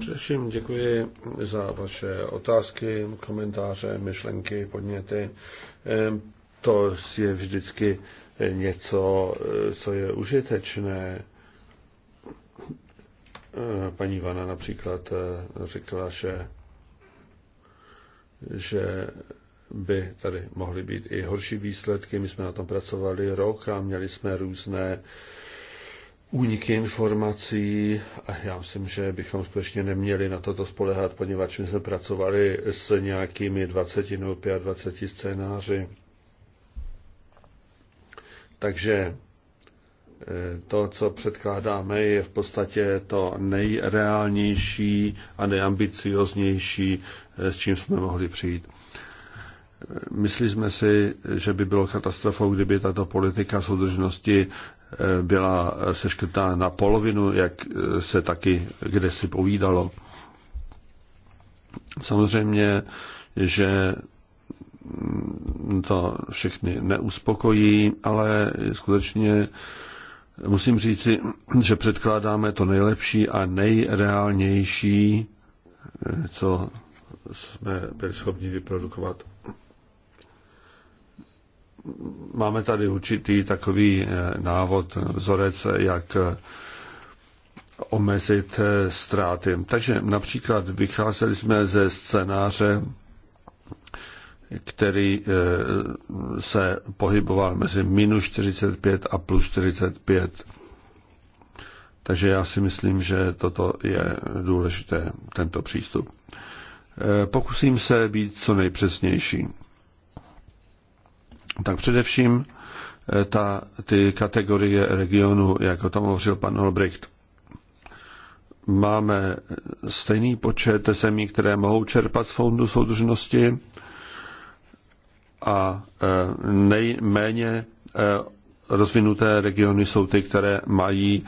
Především děkuji za vaše otázky, komentáře, myšlenky, podněty. Ehm, to je vždycky něco, co je užitečné. Paní Vana například řekla, že, že by tady mohly být i horší výsledky. My jsme na tom pracovali rok a měli jsme různé úniky informací a já myslím, že bychom skutečně neměli na toto spolehat, poněvadž my jsme pracovali s nějakými 20 nebo 25 scénáři. Takže eh, to, co předkládáme, je v podstatě to nejreálnější a nejambicioznější, eh, s čím jsme mohli přijít. Eh, myslí jsme si, že by bylo katastrofou, kdyby tato politika soudržnosti byla seškrtána na polovinu, jak se taky kde si povídalo. Samozřejmě, že to všechny neuspokojí, ale skutečně musím říci, že předkládáme to nejlepší a nejreálnější, co jsme byli schopni vyprodukovat. Máme tady určitý takový eh, návod, vzorec, jak eh, omezit eh, ztráty. Takže například vycházeli jsme ze scénáře který eh, se pohyboval mezi minus 45 a plus 45. Takže já si myslím, že toto je důležité, tento přístup. Eh, pokusím se být co nejpřesnější. Tak především eh, ta, ty kategorie regionu, jak o tom hovořil pan Holbricht. Máme stejný počet zemí, které mohou čerpat z fondu soudržnosti, a e, nejméně e, rozvinuté regiony jsou ty, které mají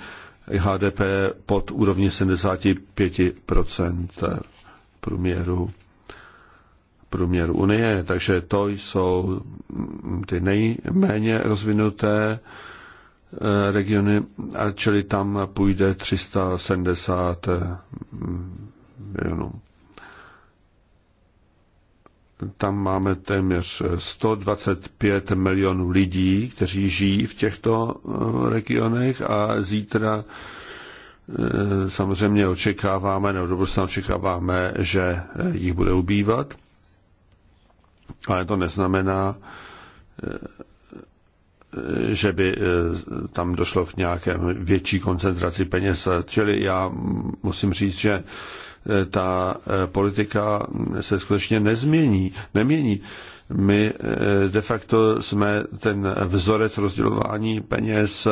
HDP pod úrovni 75 průměru, průměru Unie. Takže to jsou ty nejméně rozvinuté e, regiony, a čili tam půjde 370 mm, milionů. Tam máme téměř 125 milionů lidí, kteří žijí v těchto eh, regionech a zítra eh, samozřejmě očekáváme, nebo do očekáváme, že eh, jich bude ubývat. Ale to neznamená, že by tam došlo k nějaké větší koncentraci peněz. Čili já musím říct, že Eh, ta eh, politika se skutečně nezmění, nemění. My eh, de facto jsme ten vzorec rozdělování peněz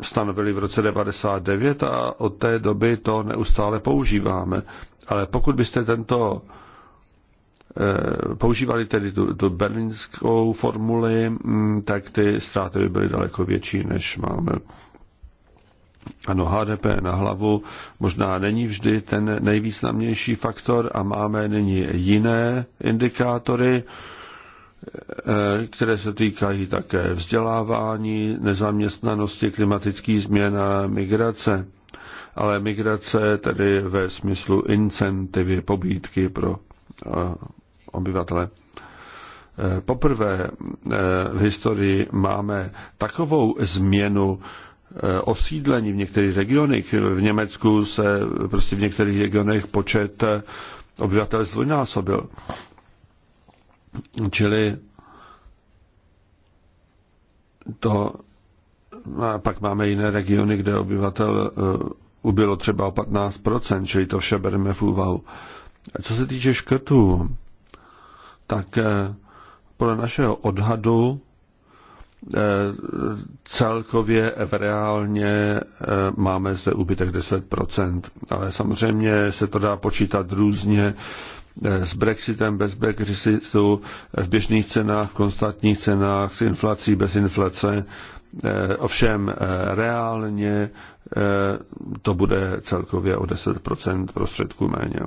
stanovili v roce 99 a od té doby to neustále používáme. Ale pokud byste tento používali tedy tu, tu berlínskou formuli, mm, tak ty ztráty by byly daleko větší, než máme ano, HDP na hlavu možná není vždy ten nejvýznamnější faktor a máme nyní jiné indikátory, eh, které se týkají také vzdělávání, nezaměstnanosti, klimatických změn a migrace. Ale migrace tedy ve smyslu incentivy, pobídky pro eh, obyvatele. Eh, poprvé v historii máme takovou změnu Eh, osídlení v některých regionech. V Německu se prostě v některých regionech počet eh, obyvatel zdvojnásobil. Čili to a pak máme jiné regiony, kde obyvatel eh, ubylo třeba o 15%, čili to vše bereme v úvahu. A co se týče škrtů, tak podle našeho odhadu celkově reálně eh, máme zde úbytek 10%, ale samozřejmě se to dá počítat různě eh, s Brexitem, bez Brexitu, eh, v běžných cenách, v konstantních cenách, s inflací, bez inflace. Ovšem reálně to bude celkově o 10% prostředků méně.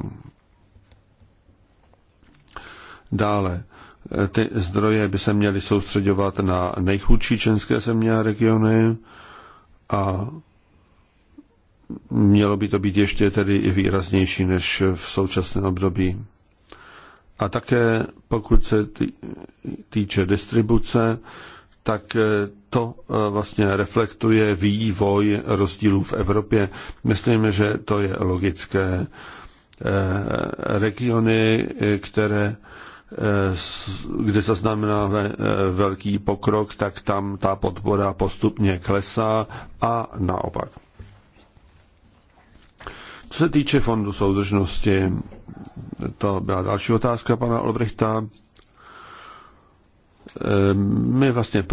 Dále ty zdroje by se měly soustředovat na nejchudší členské země a regiony a mělo by to být ještě tedy i výraznější než v současném období. A také pokud se týče distribuce, tak eh, to eh, vlastně reflektuje vývoj rozdílů v Evropě. Myslím, že to je logické. Eh, regiony, které Eh, kde zaznamenáme eh, velký pokrok, tak tam ta podpora postupně klesá a naopak. Co se týče fondu soudržnosti, to byla další otázka pana Olbrichta. Eh, my vlastně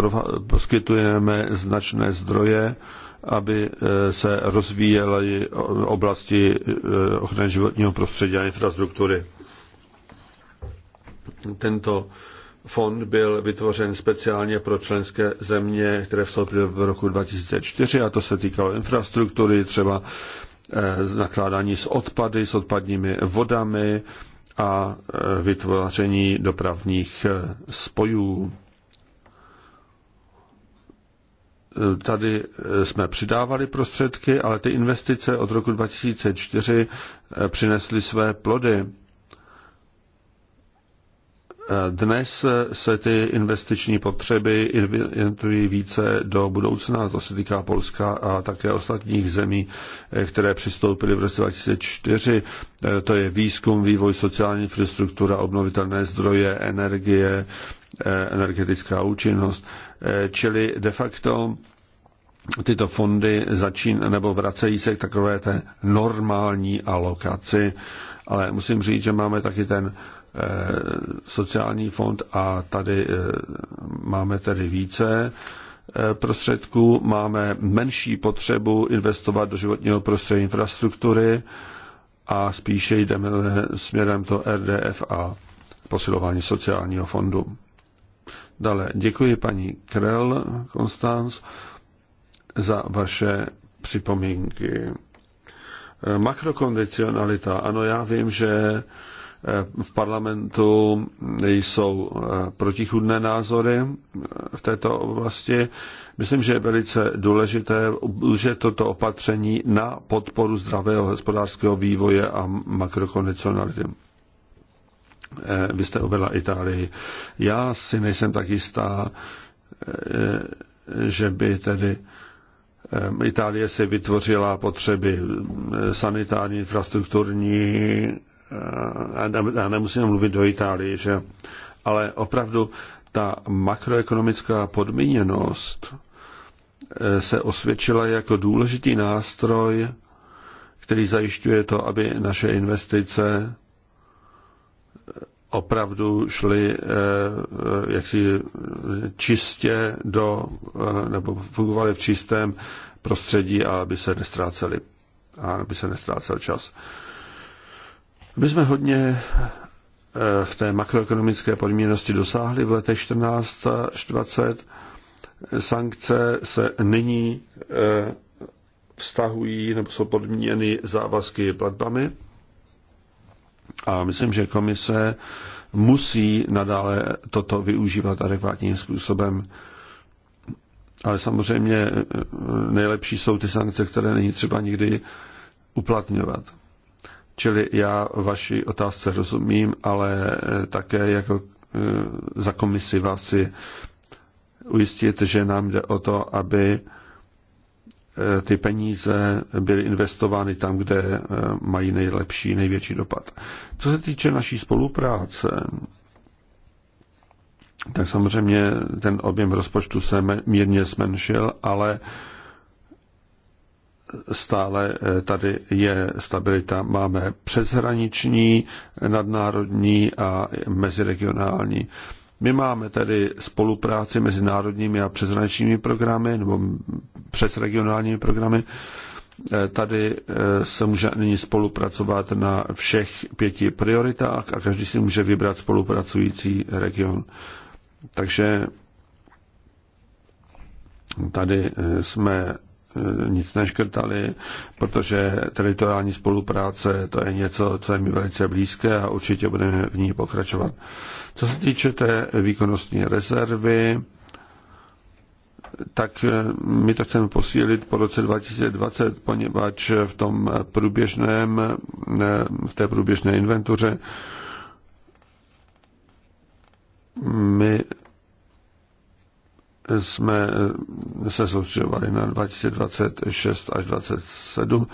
poskytujeme značné zdroje, aby se rozvíjely oblasti ochrany životního prostředí a infrastruktury. Tento fond byl vytvořen speciálně pro členské země, které vstoupily v roku 2004 a to se týkalo infrastruktury, třeba eh, nakládání s odpady, s odpadními vodami a eh, vytváření dopravních eh, spojů. Tady jsme přidávali prostředky, ale ty investice od roku 2004 přinesly své plody dnes se ty investiční potřeby investují více do budoucna, to se týká Polska a také ostatních zemí, které přistoupily v roce 2004. To je výzkum, vývoj, sociální infrastruktura, obnovitelné zdroje, energie, energetická účinnost. Čili de facto tyto fondy začín, nebo vracejí se k takové té normální alokaci, ale musím říct, že máme taky ten sociální fond a tady eh, máme tedy více eh, prostředků, máme menší potřebu investovat do životního prostředí infrastruktury a spíše jdeme směrem to RDF a posilování sociálního fondu. Dále děkuji paní Krell Konstanc za vaše připomínky. Eh, makrokondicionalita. Ano, já vím, že Eh, v parlamentu jsou eh, protichudné názory eh, v této oblasti. Myslím, že je velice důležité že toto opatření na podporu zdravého hospodářského vývoje a makrokondicionality. Vy jste uvedla Itálii. Já si nejsem tak jistá, že by tedy Itálie si vytvořila potřeby sanitární, infrastrukturní, Eh, já nemusím mluvit do Itálie, že? Ale opravdu ta makroekonomická podmíněnost eh, se osvědčila jako důležitý nástroj, který zajišťuje to, aby naše investice eh, opravdu šly jaksi čistě do, nebo fungovaly v čistém prostředí a aby se nestráceli a aby se nestrácel čas. My jsme hodně eh, v té makroekonomické podmíněnosti dosáhli v letech 14 až 20. Sankce se nyní eh, vztahují nebo jsou podmíněny závazky platbami. A myslím, že komise musí nadále toto využívat adekvátním způsobem. Ale samozřejmě eh, nejlepší jsou ty sankce, které není třeba nikdy uplatňovat. Čili já vaši otázce rozumím, ale eh, také jako eh, za komisi vás si ujistit, že nám jde o to, aby eh, ty peníze byly investovány tam, kde mají nejlepší, největší dopad. Co se týče naší spolupráce, tak samozřejmě ten objem rozpočtu se mírně zmenšil, ale stále eh, tady je stabilita. Máme přeshraniční, nadnárodní a meziregionální. My máme tedy spolupráci mezi národními a přeshraničními programy nebo přesregionálními programy. Eh, tady eh, se může nyní spolupracovat na všech pěti prioritách a každý si může vybrat spolupracující region. Takže tady jsme E, nic neškrtali, protože teritoriální spolupráce to je něco, co je mi velice blízké a určitě budeme v ní pokračovat. Co se týče té výkonnostní rezervy, tak e, my to chceme posílit po roce 2020, poněvadž v tom průběžném, e, v té průběžné inventuře my jsme eh, se soustředovali na 2026 až 2027.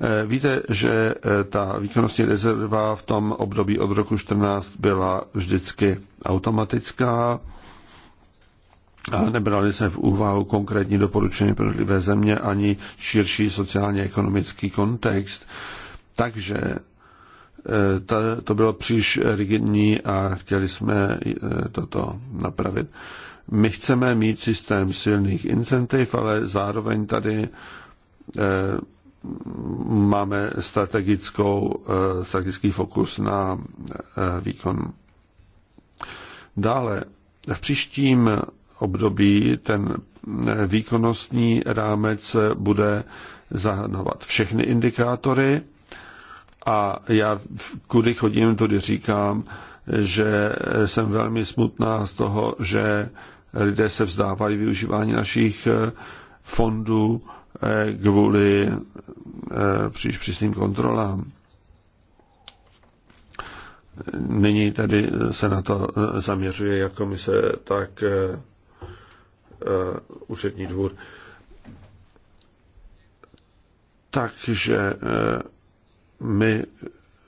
Eh, víte, že eh, ta výkonnostní rezerva v tom období od roku 14 byla vždycky automatická a nebrali se v úvahu konkrétní doporučení pro jednotlivé země ani širší sociálně-ekonomický kontext. Takže to bylo příliš rigidní a chtěli jsme toto napravit. My chceme mít systém silných incentiv, ale zároveň tady eh, máme strategickou, eh, strategický fokus na eh, výkon. Dále, v příštím období ten výkonnostní rámec bude zahrnovat všechny indikátory a já kudy chodím, tudy říkám, že jsem velmi smutná z toho, že lidé se vzdávají využívání našich eh, fondů eh, kvůli eh, příliš přísným kontrolám. Nyní tedy se na to zaměřuje jak komise, tak účetní dvůr. Takže my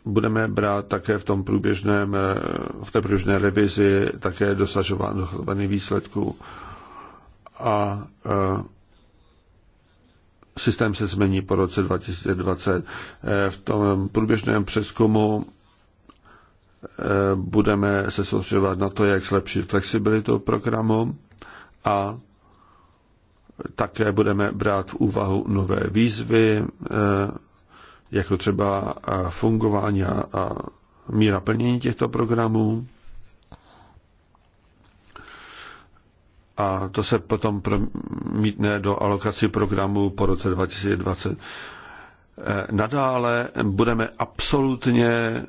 budeme brát také v, tom průběžném, eh, v té průběžné revizi také dosažovaný výsledků. A eh, systém se změní po roce 2020. Eh, v tom průběžném přeskumu budeme se soustředovat na to, jak zlepšit flexibilitu programu a také budeme brát v úvahu nové výzvy, jako třeba fungování a míra plnění těchto programů. A to se potom promítne do alokací programů po roce 2020. E, nadále budeme absolutně e,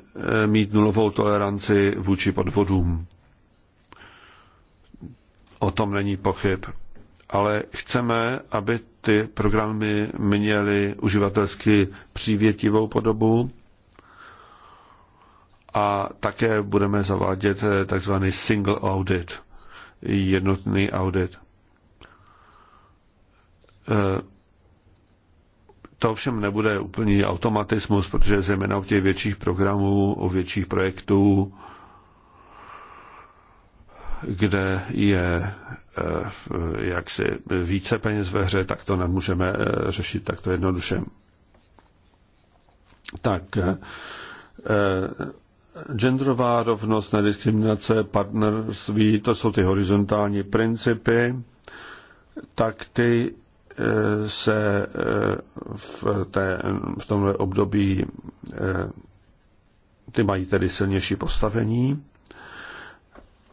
mít nulovou toleranci vůči podvodům. O tom není pochyb ale chceme, aby ty programy měly uživatelsky přívětivou podobu a také budeme zavádět eh, takzvaný single audit, jednotný audit. Eh, to ovšem nebude úplný automatismus, protože zejména u těch větších programů, u větších projektů, kde je eh, jaksi více peněz ve hře, tak to nemůžeme eh, řešit takto jednoduše. Tak, eh, genderová rovnost, nediskriminace, partnerství, to jsou ty horizontální principy, tak ty se v, té, v tomhle období ty mají tedy silnější postavení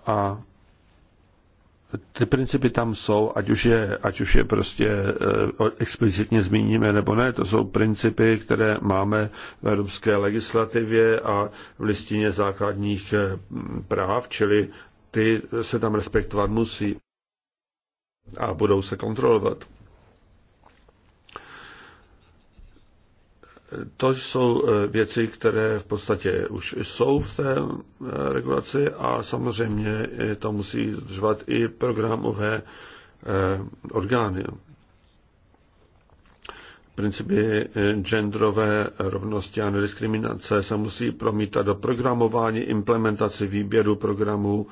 a ty principy tam jsou, ať už je, ať už je prostě eh, explicitně zmíníme nebo ne, to jsou principy, které máme v evropské legislativě a v listině základních eh, práv, čili ty se tam respektovat musí a budou se kontrolovat. to jsou eh, věci, které v podstatě už jsou v té eh, regulaci a samozřejmě to musí dodržovat i programové eh, orgány. Principy genderové rovnosti a nediskriminace se musí promítat do programování, implementaci výběru programů,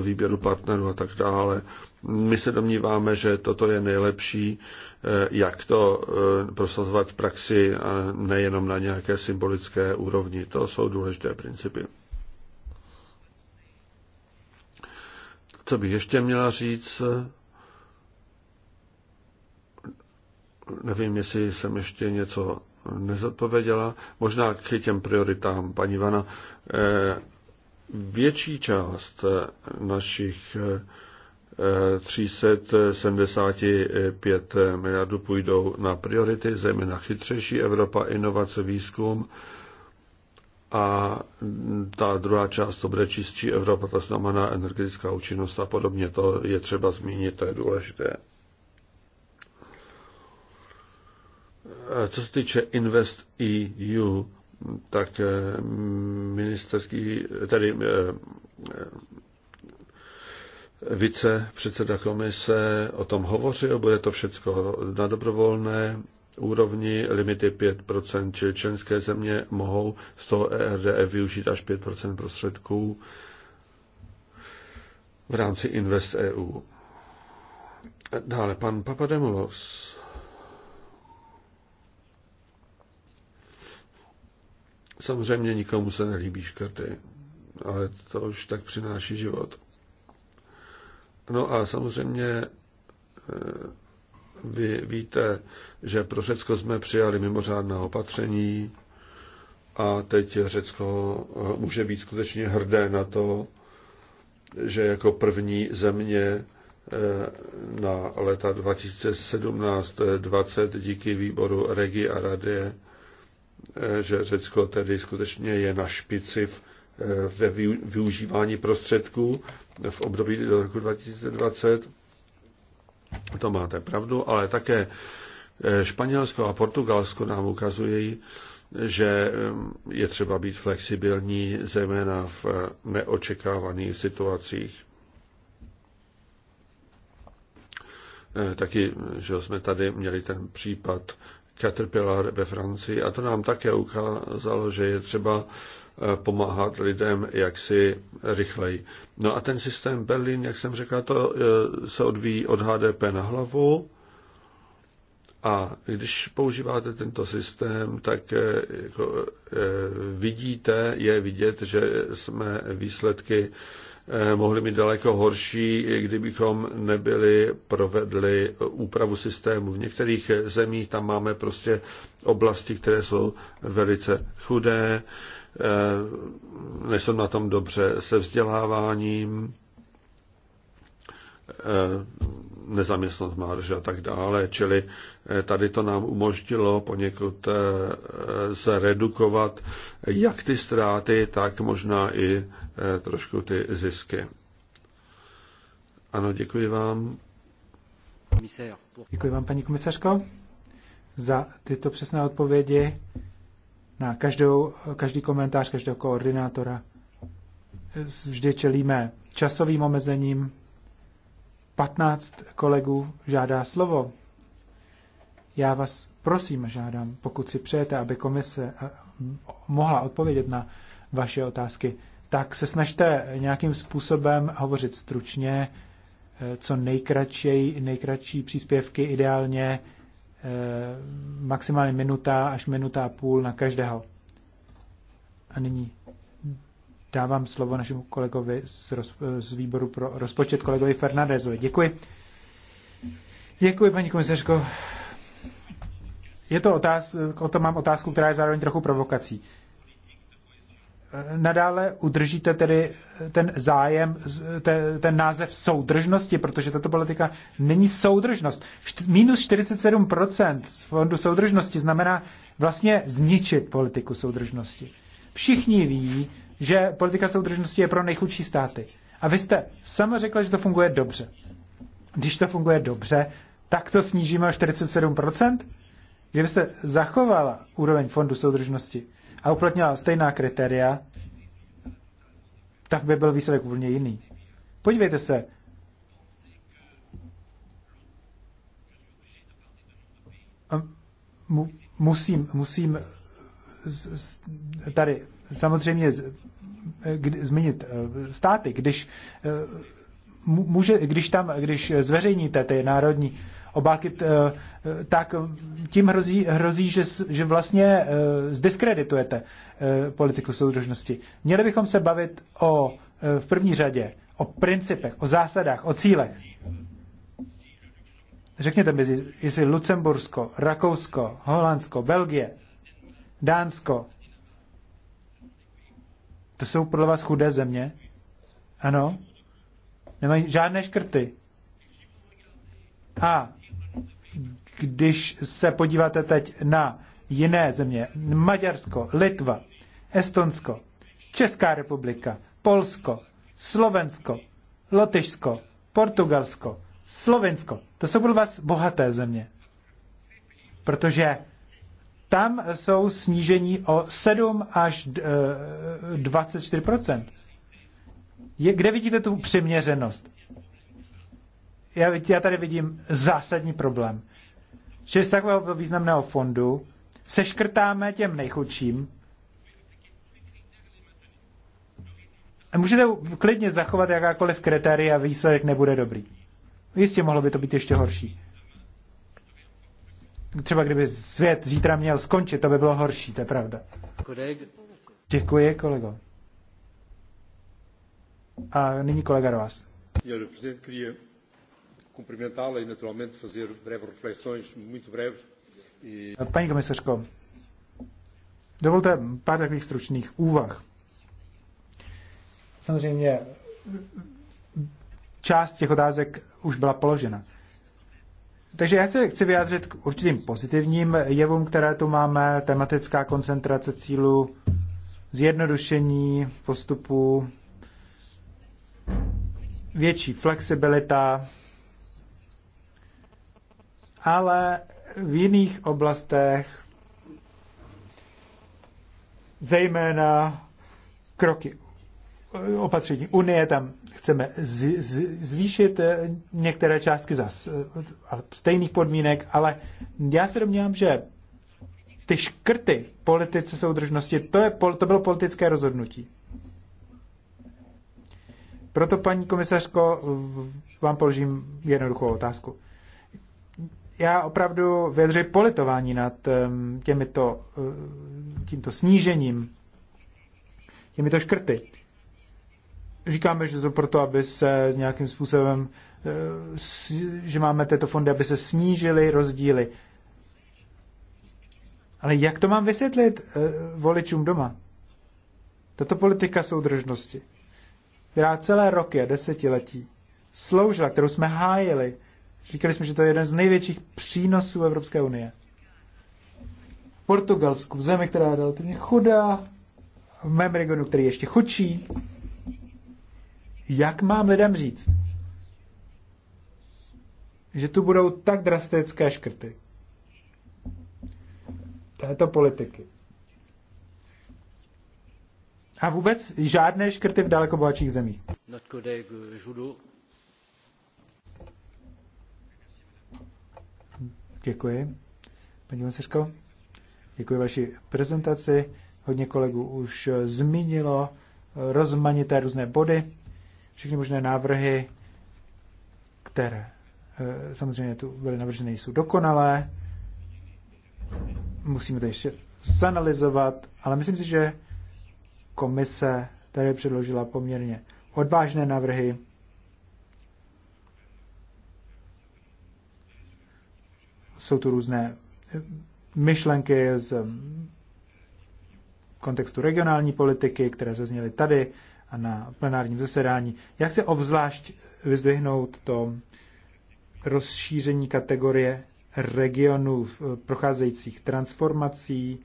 výběru partnerů a tak dále. My se domníváme, že toto je nejlepší, eh, jak to eh, prosazovat v praxi a nejenom na nějaké symbolické úrovni. To jsou důležité principy. Co bych ještě měla říct? Nevím, jestli jsem ještě něco nezodpověděla. Možná k těm prioritám, paní Vana. Eh, větší část našich 375 miliardů půjdou na priority, zejména chytřejší Evropa, inovace, výzkum a ta druhá část to bude čistší Evropa, to znamená energetická účinnost a podobně. To je třeba zmínit, to je důležité. Co se týče Invest EU, tak eh, ministerský, tedy eh, vicepředseda komise o tom hovořil, bude to všechno na dobrovolné úrovni, limity 5%, čili členské země mohou z toho ERDF využít až 5% prostředků v rámci Invest EU. Dále pan Papademos. Samozřejmě nikomu se nelíbí škrty, ale to už tak přináší život. No a samozřejmě eh, vy víte, že pro Řecko jsme přijali mimořádná opatření a teď Řecko eh, může být skutečně hrdé na to, že jako první země eh, na leta 2017 20 díky výboru Regi a Radie, že Řecko tedy skutečně je na špici v Eh, ve využívání prostředků v období do roku 2020. To máte pravdu, ale také eh, Španělsko a Portugalsko nám ukazují, že eh, je třeba být flexibilní, zejména v neočekávaných situacích. Taky, že jsme tady měli ten případ Caterpillar ve Francii a to nám také ukázalo, že je třeba pomáhat lidem jaksi rychleji. No a ten systém Berlin, jak jsem řekl, to e, se odvíjí od HDP na hlavu. A když používáte tento systém, tak e, jako, e, vidíte, je vidět, že jsme výsledky mohli mít daleko horší, kdybychom nebyli provedli úpravu systému. V některých zemích tam máme prostě oblasti, které jsou velice chudé, Eh, nejsem na tom dobře se vzděláváním, eh, nezaměstnanost mládeže a tak dále. Čili eh, tady to nám umožnilo poněkud zredukovat jak ty ztráty, tak možná i trošku ty zisky. Ano, děkuji vám. Děkuji vám, paní komisařko, za tyto přesné odpovědi na každou, každý komentář každého koordinátora. Vždy čelíme časovým omezením. 15 kolegů žádá slovo. Já vás prosím, žádám, pokud si přejete, aby komise eh, mohla odpovědět na vaše otázky, tak se snažte nějakým způsobem hovořit stručně, eh, co nejkratší, nejkratší příspěvky ideálně Eh, maximálně minuta až minuta a půl na každého. A nyní dávám slovo našemu kolegovi z, roz, z výboru pro rozpočet, kolegovi Fernandezovi. Děkuji. Děkuji, paní komisařko. Je to otázka, o tom mám otázku, která je zároveň trochu provokací nadále udržíte tedy ten zájem, ten název soudržnosti, protože tato politika není soudržnost. Minus 47% z fondu soudržnosti znamená vlastně zničit politiku soudržnosti. Všichni ví, že politika soudržnosti je pro nejchudší státy. A vy jste sama řekla, že to funguje dobře. Když to funguje dobře, tak to snížíme o 47%? Kdybyste zachovala úroveň fondu soudržnosti a uplatnila stejná kritéria, tak by byl výsledek úplně jiný. Podívejte se. musím, musím tady samozřejmě zmínit eh, státy, když eh, může, když tam, když zveřejníte ty národní obálky, eh, tak tím hrozí, hrozí že, že vlastně eh, zdiskreditujete eh, politiku soudržnosti. Měli bychom se bavit o, v první řadě o principech, o zásadách, o cílech. Řekněte mi, jestli Lucembursko, Rakousko, Holandsko, Belgie, Dánsko, to jsou podle vás chudé země? Ano. Nemají žádné škrty. A když se podíváte teď na jiné země, Maďarsko, Litva, Estonsko, Česká republika, Polsko, Slovensko, Lotyšsko, Portugalsko, Slovensko, to jsou pro vás bohaté země. Protože tam jsou snížení o 7 až 24 e, Kde vidíte tu přiměřenost? já, já tady vidím zásadní problém. Že z takového významného fondu seškrtáme těm nejchudším. A můžete klidně zachovat jakákoliv kritéria, výsledek nebude dobrý. Jistě mohlo by to být ještě horší. Třeba kdyby svět zítra měl skončit, to by bylo horší, to je pravda. Děkuji, kolego. A nyní kolega Rovas. Já cumprimentá-la e, naturalmente, fazer breves reflexões, muito breves. E Paní komisařko, dovolte pár takových stručných úvah. Samozřejmě část těch otázek už byla položena. Takže já se chci vyjádřit k určitým pozitivním jevům, které tu máme. Tematická koncentrace cílu, zjednodušení postupu, větší flexibilita, ale v jiných oblastech, zejména kroky opatření Unie, tam chceme z, z, zvýšit eh, některé částky za stejných podmínek, ale já se domnívám, že ty škrty politice soudržnosti, to, je, to bylo politické rozhodnutí. Proto, paní komisařko, vám položím jednoduchou otázku já opravdu vyjadřuji politování nad těmito, eh, tímto snížením, těmito škrty. Říkáme, že to proto, aby se nějakým způsobem, eh, že máme tyto fondy, aby se snížily rozdíly. Ale jak to mám vysvětlit eh, voličům doma? Tato politika soudržnosti, která celé roky a desetiletí sloužila, kterou jsme hájili, Říkali jsme, že to je jeden z největších přínosů Evropské unie. V Portugalsku, v zemi, která je relativně chudá, v mém regionu, který je ještě chudší, jak mám lidem říct, že tu budou tak drastické škrty této politiky? A vůbec žádné škrty v daleko bohatších zemích. Děkuji. Paní Vaseřko, děkuji vaši prezentaci. Hodně kolegů už eh, zmínilo eh, rozmanité různé body, všechny možné návrhy, které eh, samozřejmě tu byly navrženy, jsou dokonalé. Musíme to ještě zanalizovat, ale myslím si, že komise tady předložila poměrně odvážné návrhy, jsou tu různé eh, myšlenky z mm, kontextu regionální politiky, které zazněly tady a na plenárním zasedání. Já chci obzvlášť vyzdvihnout to rozšíření kategorie regionů v eh, procházejících transformací.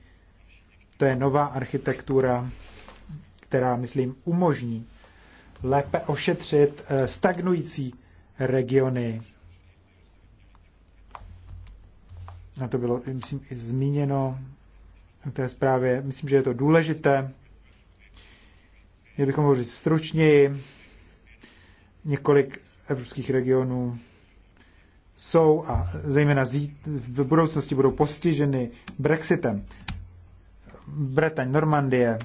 To je nová architektura, která, myslím, umožní lépe ošetřit eh, stagnující regiony Na to bylo, myslím, i zmíněno v té zprávě, myslím, že je to důležité, měli bychom hovořit stručněji, několik evropských regionů jsou a zejména v budoucnosti budou postiženy Brexitem. Bretaň, Normandie,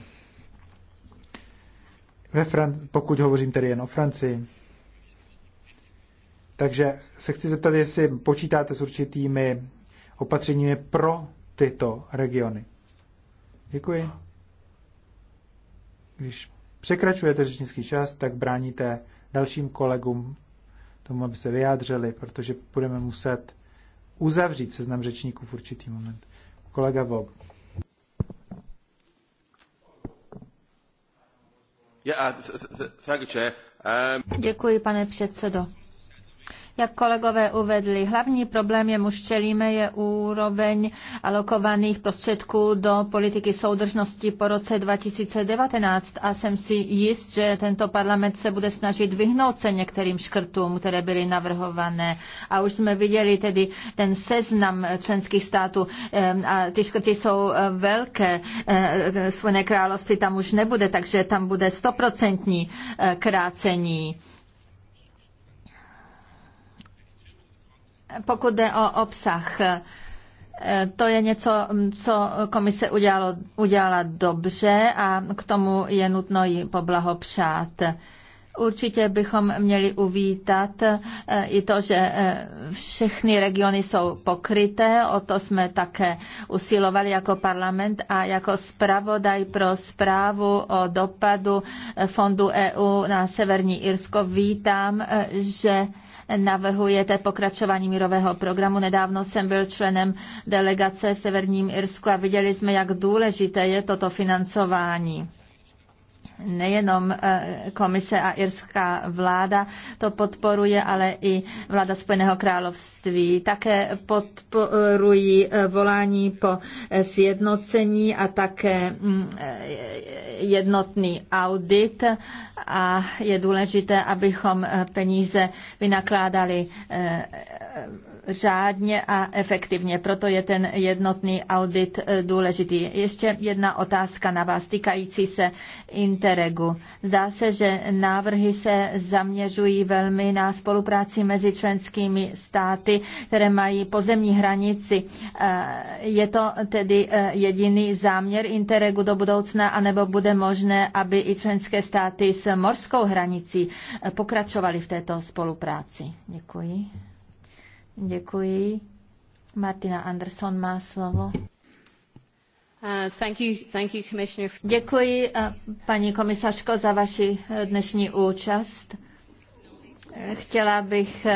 ve Fran- pokud hovořím tedy jen o Francii. Takže se chci zeptat, jestli počítáte s určitými opatřeními pro tyto regiony. Děkuji. Když překračujete řečnický čas, tak bráníte dalším kolegům tomu, aby se vyjádřili, protože budeme muset uzavřít seznam řečníků v určitý moment. Kolega Vog. Uh, um, Děkuji, pane předsedo. Jak kolegové uvedli, hlavní problém, je, čelíme, je úroveň alokovaných prostředků do politiky soudržnosti po roce 2019 a jsem si jist, že tento parlament se bude snažit vyhnout se některým škrtům, které byly navrhované. A už jsme viděli tedy ten seznam členských států ehm, a ty škrty jsou eh, velké. Eh, eh, Svojné království tam už nebude, takže tam bude stoprocentní krácení Pokud jde o obsah, eh, to je něco, mm, co komise udělalo, udělala dobře a k tomu je nutno ji poblahopřát. Určitě bychom měli uvítat eh, i to, že eh, všechny regiony jsou pokryté, o to jsme také usilovali jako parlament a jako zpravodaj pro zprávu o dopadu fondu EU na Severní Irsko vítám, že navrhujete pokračování mírového programu. Nedávno jsem byl členem delegace v Severním Irsku a viděli jsme, jak důležité je toto financování nejenom eh, komise a irská vláda to podporuje, ale i vláda Spojeného království. Také podporují eh, volání po eh, sjednocení a také mm, jednotný audit a je důležité, abychom peníze vynakládali řádně a efektivně. Proto je ten jednotný audit eh, důležitý. Ještě jedna otázka na vás týkající se Interregu. Zdá se, že návrhy se zaměřují velmi na spolupráci mezi členskými státy, které mají pozemní hranici. Eh, je to tedy eh, jediný záměr Interregu do budoucna, anebo bude možné, aby i členské státy s morskou hranicí pokračovaly v této spolupráci? Děkuji. Děkuji. Martina Anderson má slovo. Uh, Děkuji, uh, paní komisařko, za vaši uh, dnešní účast. Chtěla bych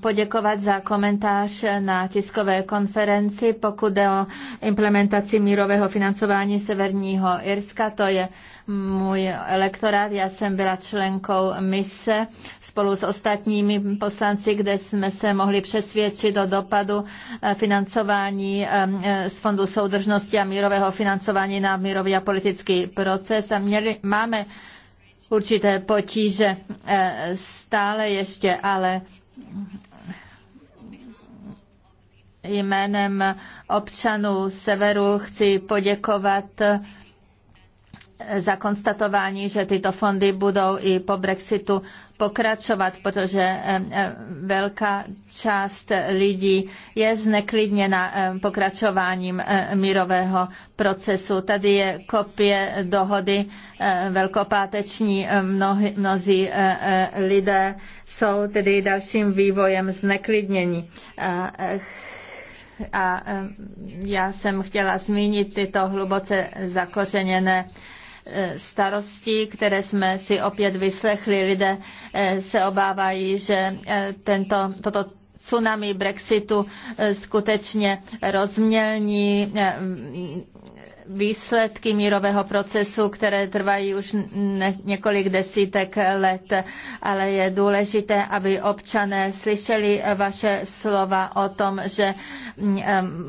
poděkovat za komentář na tiskové konferenci, pokud jde o implementaci mírového financování Severního Irska. To je můj elektorát. Já jsem byla členkou mise spolu s ostatními poslanci, kde jsme se mohli přesvědčit o dopadu eh, financování eh, z Fondu soudržnosti a mírového financování na mírový a politický proces. A měli, máme určité potíže eh, stále ještě, ale jménem občanů severu chci poděkovat za konstatování, že tyto fondy budou i po Brexitu pokračovat, protože velká část lidí je zneklidněna pokračováním mírového procesu. Tady je kopie dohody velkopáteční. Mnohy, mnozí e, e, lidé jsou tedy dalším vývojem zneklidnění a já jsem chtěla zmínit tyto hluboce zakořeněné E, starosti, které jsme si opět vyslechli. Lidé e, se obávají, že e, tento, toto tsunami Brexitu skutečně rozmělní výsledky mírového procesu, které trvají už ne, několik desítek let, ale je důležité, aby občané slyšeli vaše slova o tom, že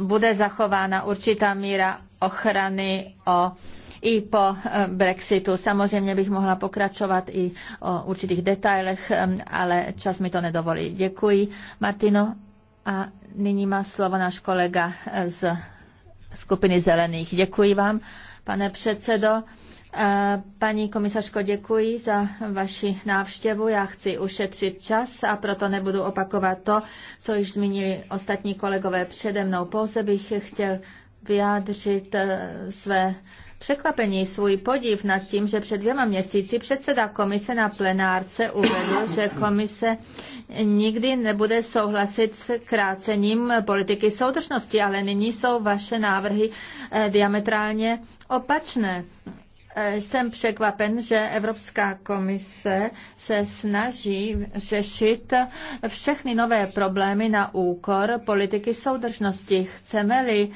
bude zachována určitá míra ochrany o i po eh, Brexitu. Samozřejmě bych mohla pokračovat i o určitých detailech, eh, ale čas mi to nedovolí. Děkuji, Martino. A nyní má slovo náš kolega eh, z skupiny Zelených. Děkuji vám, pane předsedo. Paní komisařko, děkuji za vaši návštěvu. Já chci ušetřit čas a proto nebudu opakovat to, co již zmínili ostatní kolegové přede mnou. Pouze bych chtěl vyjádřit své překvapení svůj podiv nad tím, že před dvěma měsíci předseda komise na plenárce uvedl, že komise nikdy nebude souhlasit s krácením politiky soudržnosti, ale nyní jsou vaše návrhy eh, diametrálně opačné. Eh, jsem překvapen, že Evropská komise se snaží řešit všechny nové problémy na úkor politiky soudržnosti. Chceme-li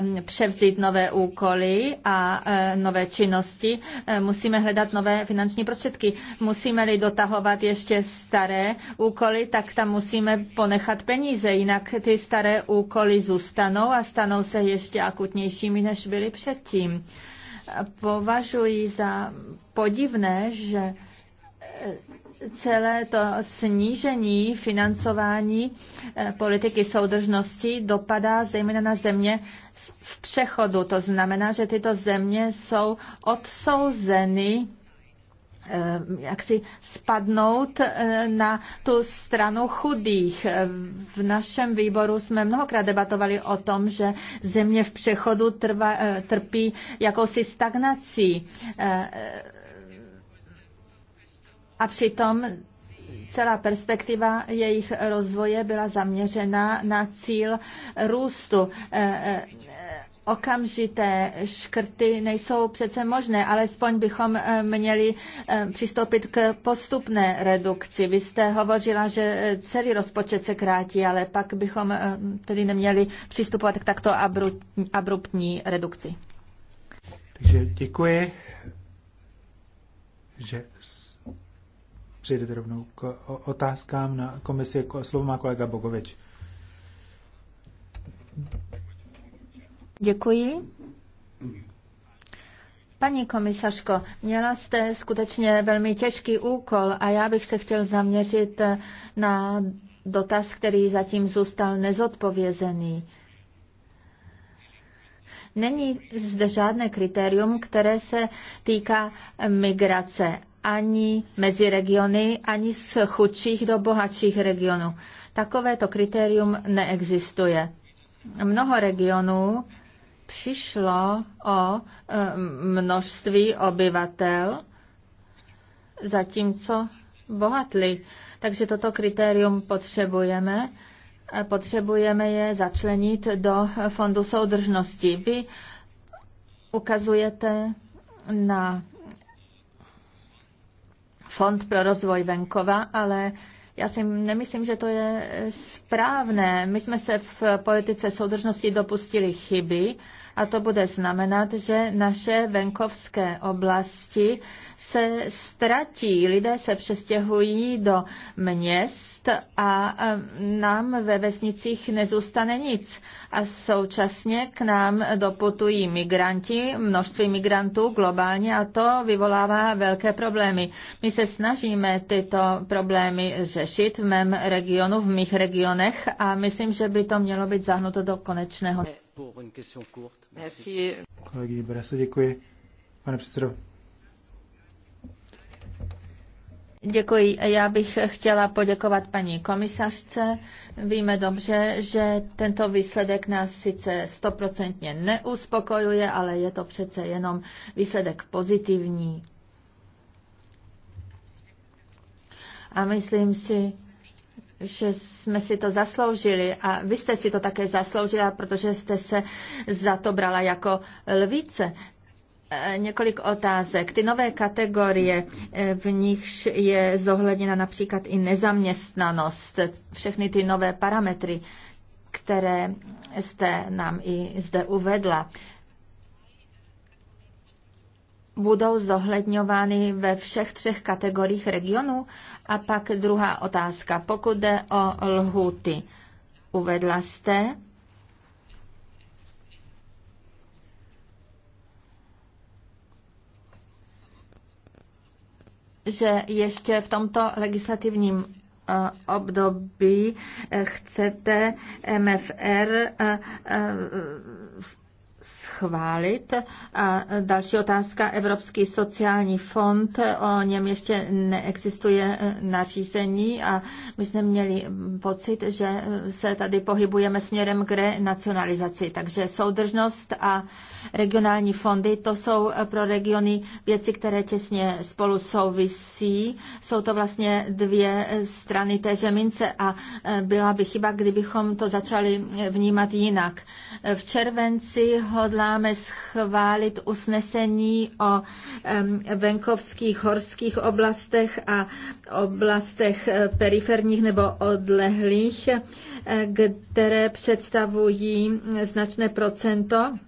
Um, převzít nové úkoly a uh, nové činnosti, uh, musíme hledat nové finanční prostředky. Musíme-li dotahovat ještě staré úkoly, tak tam musíme ponechat peníze, jinak ty staré úkoly zůstanou a stanou se ještě akutnějšími, než byly předtím. Považuji za podivné, že celé to snížení financování eh, politiky soudržnosti dopadá zejména na země v přechodu. To znamená, že tyto země jsou odsouzeny eh, jak si spadnout eh, na tu stranu chudých. V našem výboru jsme mnohokrát debatovali o tom, že země v přechodu trpí jakousi stagnací a přitom celá perspektiva jejich rozvoje byla zaměřena na cíl růstu e, e, okamžité škrty nejsou přece možné, alespoň bychom e, měli přistoupit k postupné redukci. Vy jste hovořila, že celý rozpočet se krátí, ale pak bychom tedy neměli přistupovat k takto abruptní redukci. Takže děkuji, že přejdete rovnou k otázkám na komisi. Jako slovo má kolega Bogovič. Děkuji. Paní komisařko, měla jste skutečně velmi těžký úkol a já bych se chtěl zaměřit na dotaz, který zatím zůstal nezodpovězený. Není zde žádné kritérium, které se týká migrace ani mezi regiony, ani z chudších do bohatších regionů. Takovéto kritérium neexistuje. Mnoho regionů přišlo o eh, množství obyvatel, zatímco bohatli. Takže toto kritérium potřebujeme. Eh, potřebujeme je začlenit do Fondu soudržnosti. Vy ukazujete na Fond pro rozvoj venkova, ale já si nemyslím, že to je správné. My jsme se v politice soudržnosti dopustili chyby a to bude znamenat, že naše venkovské oblasti se ztratí. Lidé se přestěhují do měst a nám ve vesnicích nezůstane nic. A současně k nám doputují migranti, množství migrantů globálně a to vyvolává velké problémy. My se snažíme tyto problémy řešit v mém regionu, v mých regionech a myslím, že by to mělo být zahnuto do konečného děkuji. Pane předsedo. Děkuji. Já bych chtěla poděkovat paní komisařce. Víme dobře, že tento výsledek nás sice stoprocentně neuspokojuje, ale je to přece jenom výsledek pozitivní. A myslím si, že jsme si to zasloužili a vy jste si to také zasloužila, protože jste se za to brala jako lvíce. E, několik otázek. Ty nové kategorie, e, v nichž je zohledněna například i nezaměstnanost, všechny ty nové parametry, které jste nám i zde uvedla budou zohledňovány ve všech třech kategoriích regionů a pak druhá otázka. Pokud jde o lhuty, uvedla jste, že ještě v tomto legislativním eh, období eh, chcete MFR eh, schválit. A další otázka, Evropský sociální fond, o něm ještě neexistuje e, nařízení a my jsme měli pocit, že se tady pohybujeme směrem k renacionalizaci. Takže soudržnost a regionální fondy, to jsou pro regiony věci, které těsně spolu souvisí. Jsou to vlastně dvě strany té žemince a e, byla by chyba, kdybychom to začali vnímat jinak. V červenci hodlá máme schválit usnesení o venkovských horských oblastech a oblastech eh, periferních nebo odlehlých, eh, které představují mm, značné procento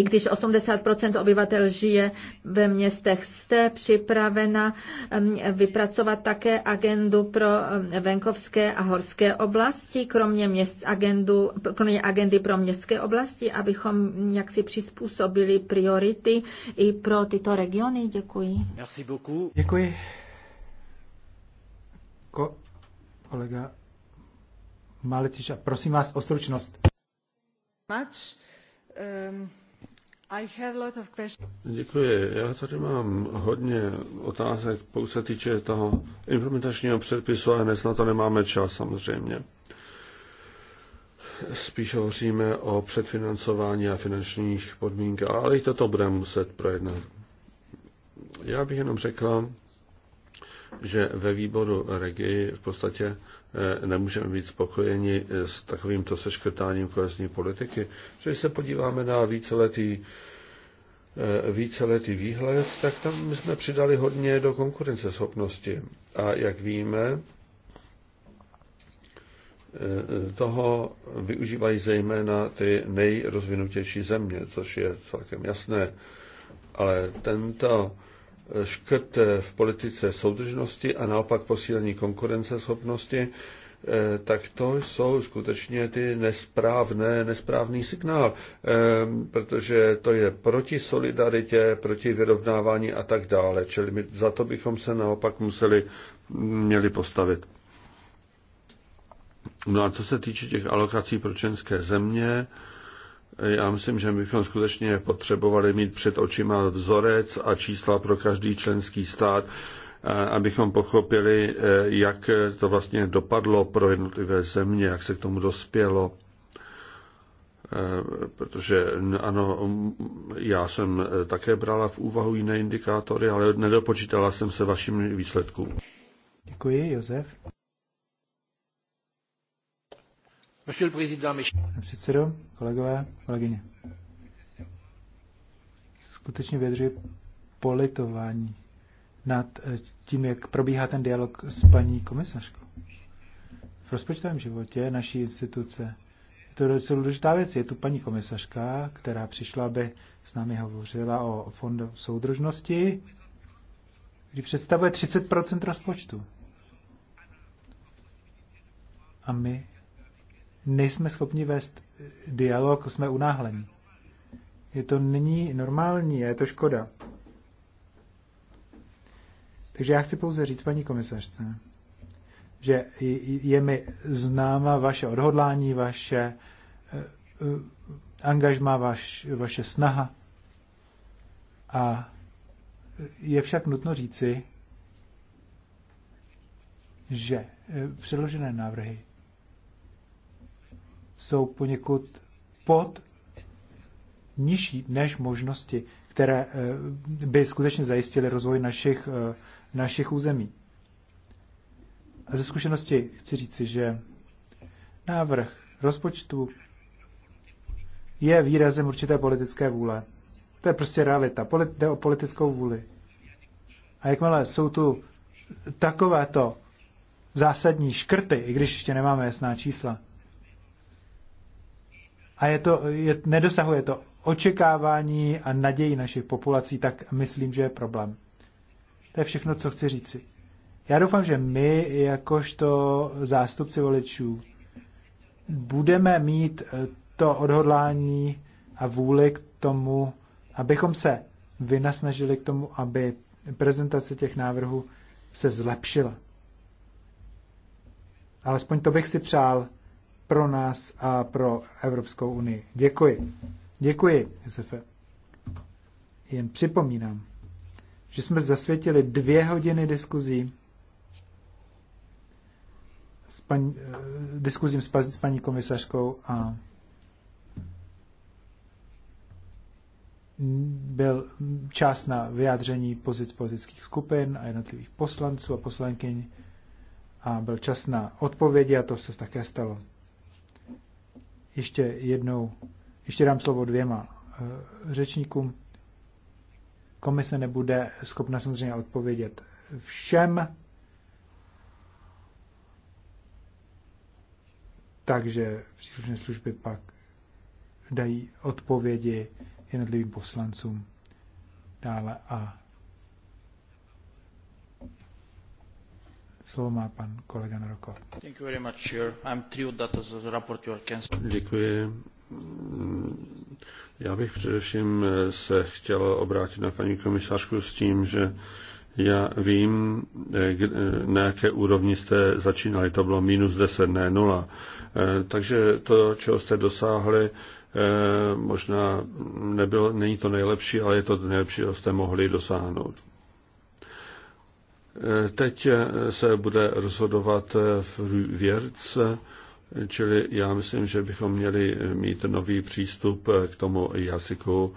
i když 80 obyvatel žije ve městech, jste připravena um, vypracovat také agendu pro um, venkovské a horské oblasti, kromě, měst, agendu, kromě agendy pro městské oblasti, abychom jaksi přizpůsobili priority i pro tyto regiony? Děkuji. Merci beaucoup. Děkuji. Ko, kolega Maletiš, prosím vás o stručnost. Much. Um... Děkuji. Já tady mám hodně otázek, pokud se týče toho implementačního předpisu, a dnes na to nemáme čas samozřejmě. Spíš hovoříme o předfinancování a finančních podmínkách, ale i toto budeme muset projednat. Já bych jenom řekl, že ve výboru regii v podstatě E, nemůžeme být spokojeni s takovýmto seškrtáním kohezní politiky. Když se podíváme na víceletý, e, víceletý výhled, tak tam jsme přidali hodně do konkurenceschopnosti. A jak víme, e, toho využívají zejména ty nejrozvinutější země, což je celkem jasné. Ale tento škrt v politice soudržnosti a naopak posílení konkurenceschopnosti, eh, tak to jsou skutečně ty nesprávné, nesprávný signál, eh, protože to je proti solidaritě, proti vyrovnávání a tak dále. Čili my za to bychom se naopak museli mm, měli postavit. No a co se týče těch alokací pro české země, já myslím, že bychom skutečně potřebovali mít před očima vzorec a čísla pro každý členský stát, abychom pochopili, e, jak to vlastně dopadlo pro jednotlivé země, jak se k tomu dospělo. E, protože ano, já jsem e, také brala v úvahu jiné indikátory, ale nedopočítala jsem se vašim výsledkům. Děkuji, Josef. Pane předsedo, kolegové, kolegyně. Skutečně vyjadřuji politování nad eh, tím, jak probíhá ten dialog s paní komisařkou. V rozpočtovém životě naší instituce je to docela důležitá věc. Je tu paní komisařka, která přišla, aby s námi hovořila o fondu soudržnosti, kdy představuje 30 rozpočtu. A my nejsme schopni vést dialog, jsme unáhlení. Je to není normální a je to škoda. Takže já chci pouze říct paní komisařce, že je mi známa vaše odhodlání, vaše eh, eh, angažma, vaš, vaše snaha. A je však nutno říci, že eh, předložené návrhy jsou poněkud pod nižší než možnosti, které eh, by skutečně zajistily rozvoj našich, eh, našich území. A ze zkušenosti chci říci, že návrh rozpočtu je výrazem určité politické vůle. To je prostě realita. Polit, jde o politickou vůli. A jakmile jsou tu takovéto zásadní škrty, i když ještě nemáme jasná čísla, a je to, je, nedosahuje to očekávání a naději našich populací, tak myslím, že je problém. To je všechno, co chci říci. Já doufám, že my, jakožto zástupci voličů, budeme mít eh, to odhodlání a vůli k tomu, abychom se vynasnažili k tomu, aby prezentace těch návrhů se zlepšila. Alespoň to bych si přál pro nás a pro Evropskou unii. Děkuji. Děkuji, Josefe. Jen připomínám, že jsme zasvětili dvě hodiny diskuzí s paní, eh, diskuzím s, s paní komisařkou a byl čas na vyjádření pozic politických skupin a jednotlivých poslanců a poslankyň a byl čas na odpovědi a to se také stalo ještě jednou, ještě dám slovo dvěma eh, řečníkům. Komise nebude schopna samozřejmě odpovědět všem. Takže příslušné služby pak dají odpovědi jednotlivým poslancům dále a Slovo má pan kolega Narokov. Děkuji. Já bych především se chtěl obrátit na paní komisařku s tím, že já vím, na jaké úrovni jste začínali. To bylo minus 10, ne 0. Eh, takže to, čeho jste dosáhli, eh, možná nebylo, není to nejlepší, ale je to nejlepší, co jste mohli dosáhnout. Teď se bude rozhodovat v Věrce, čili já myslím, že bychom měli mít nový přístup k tomu jazyku,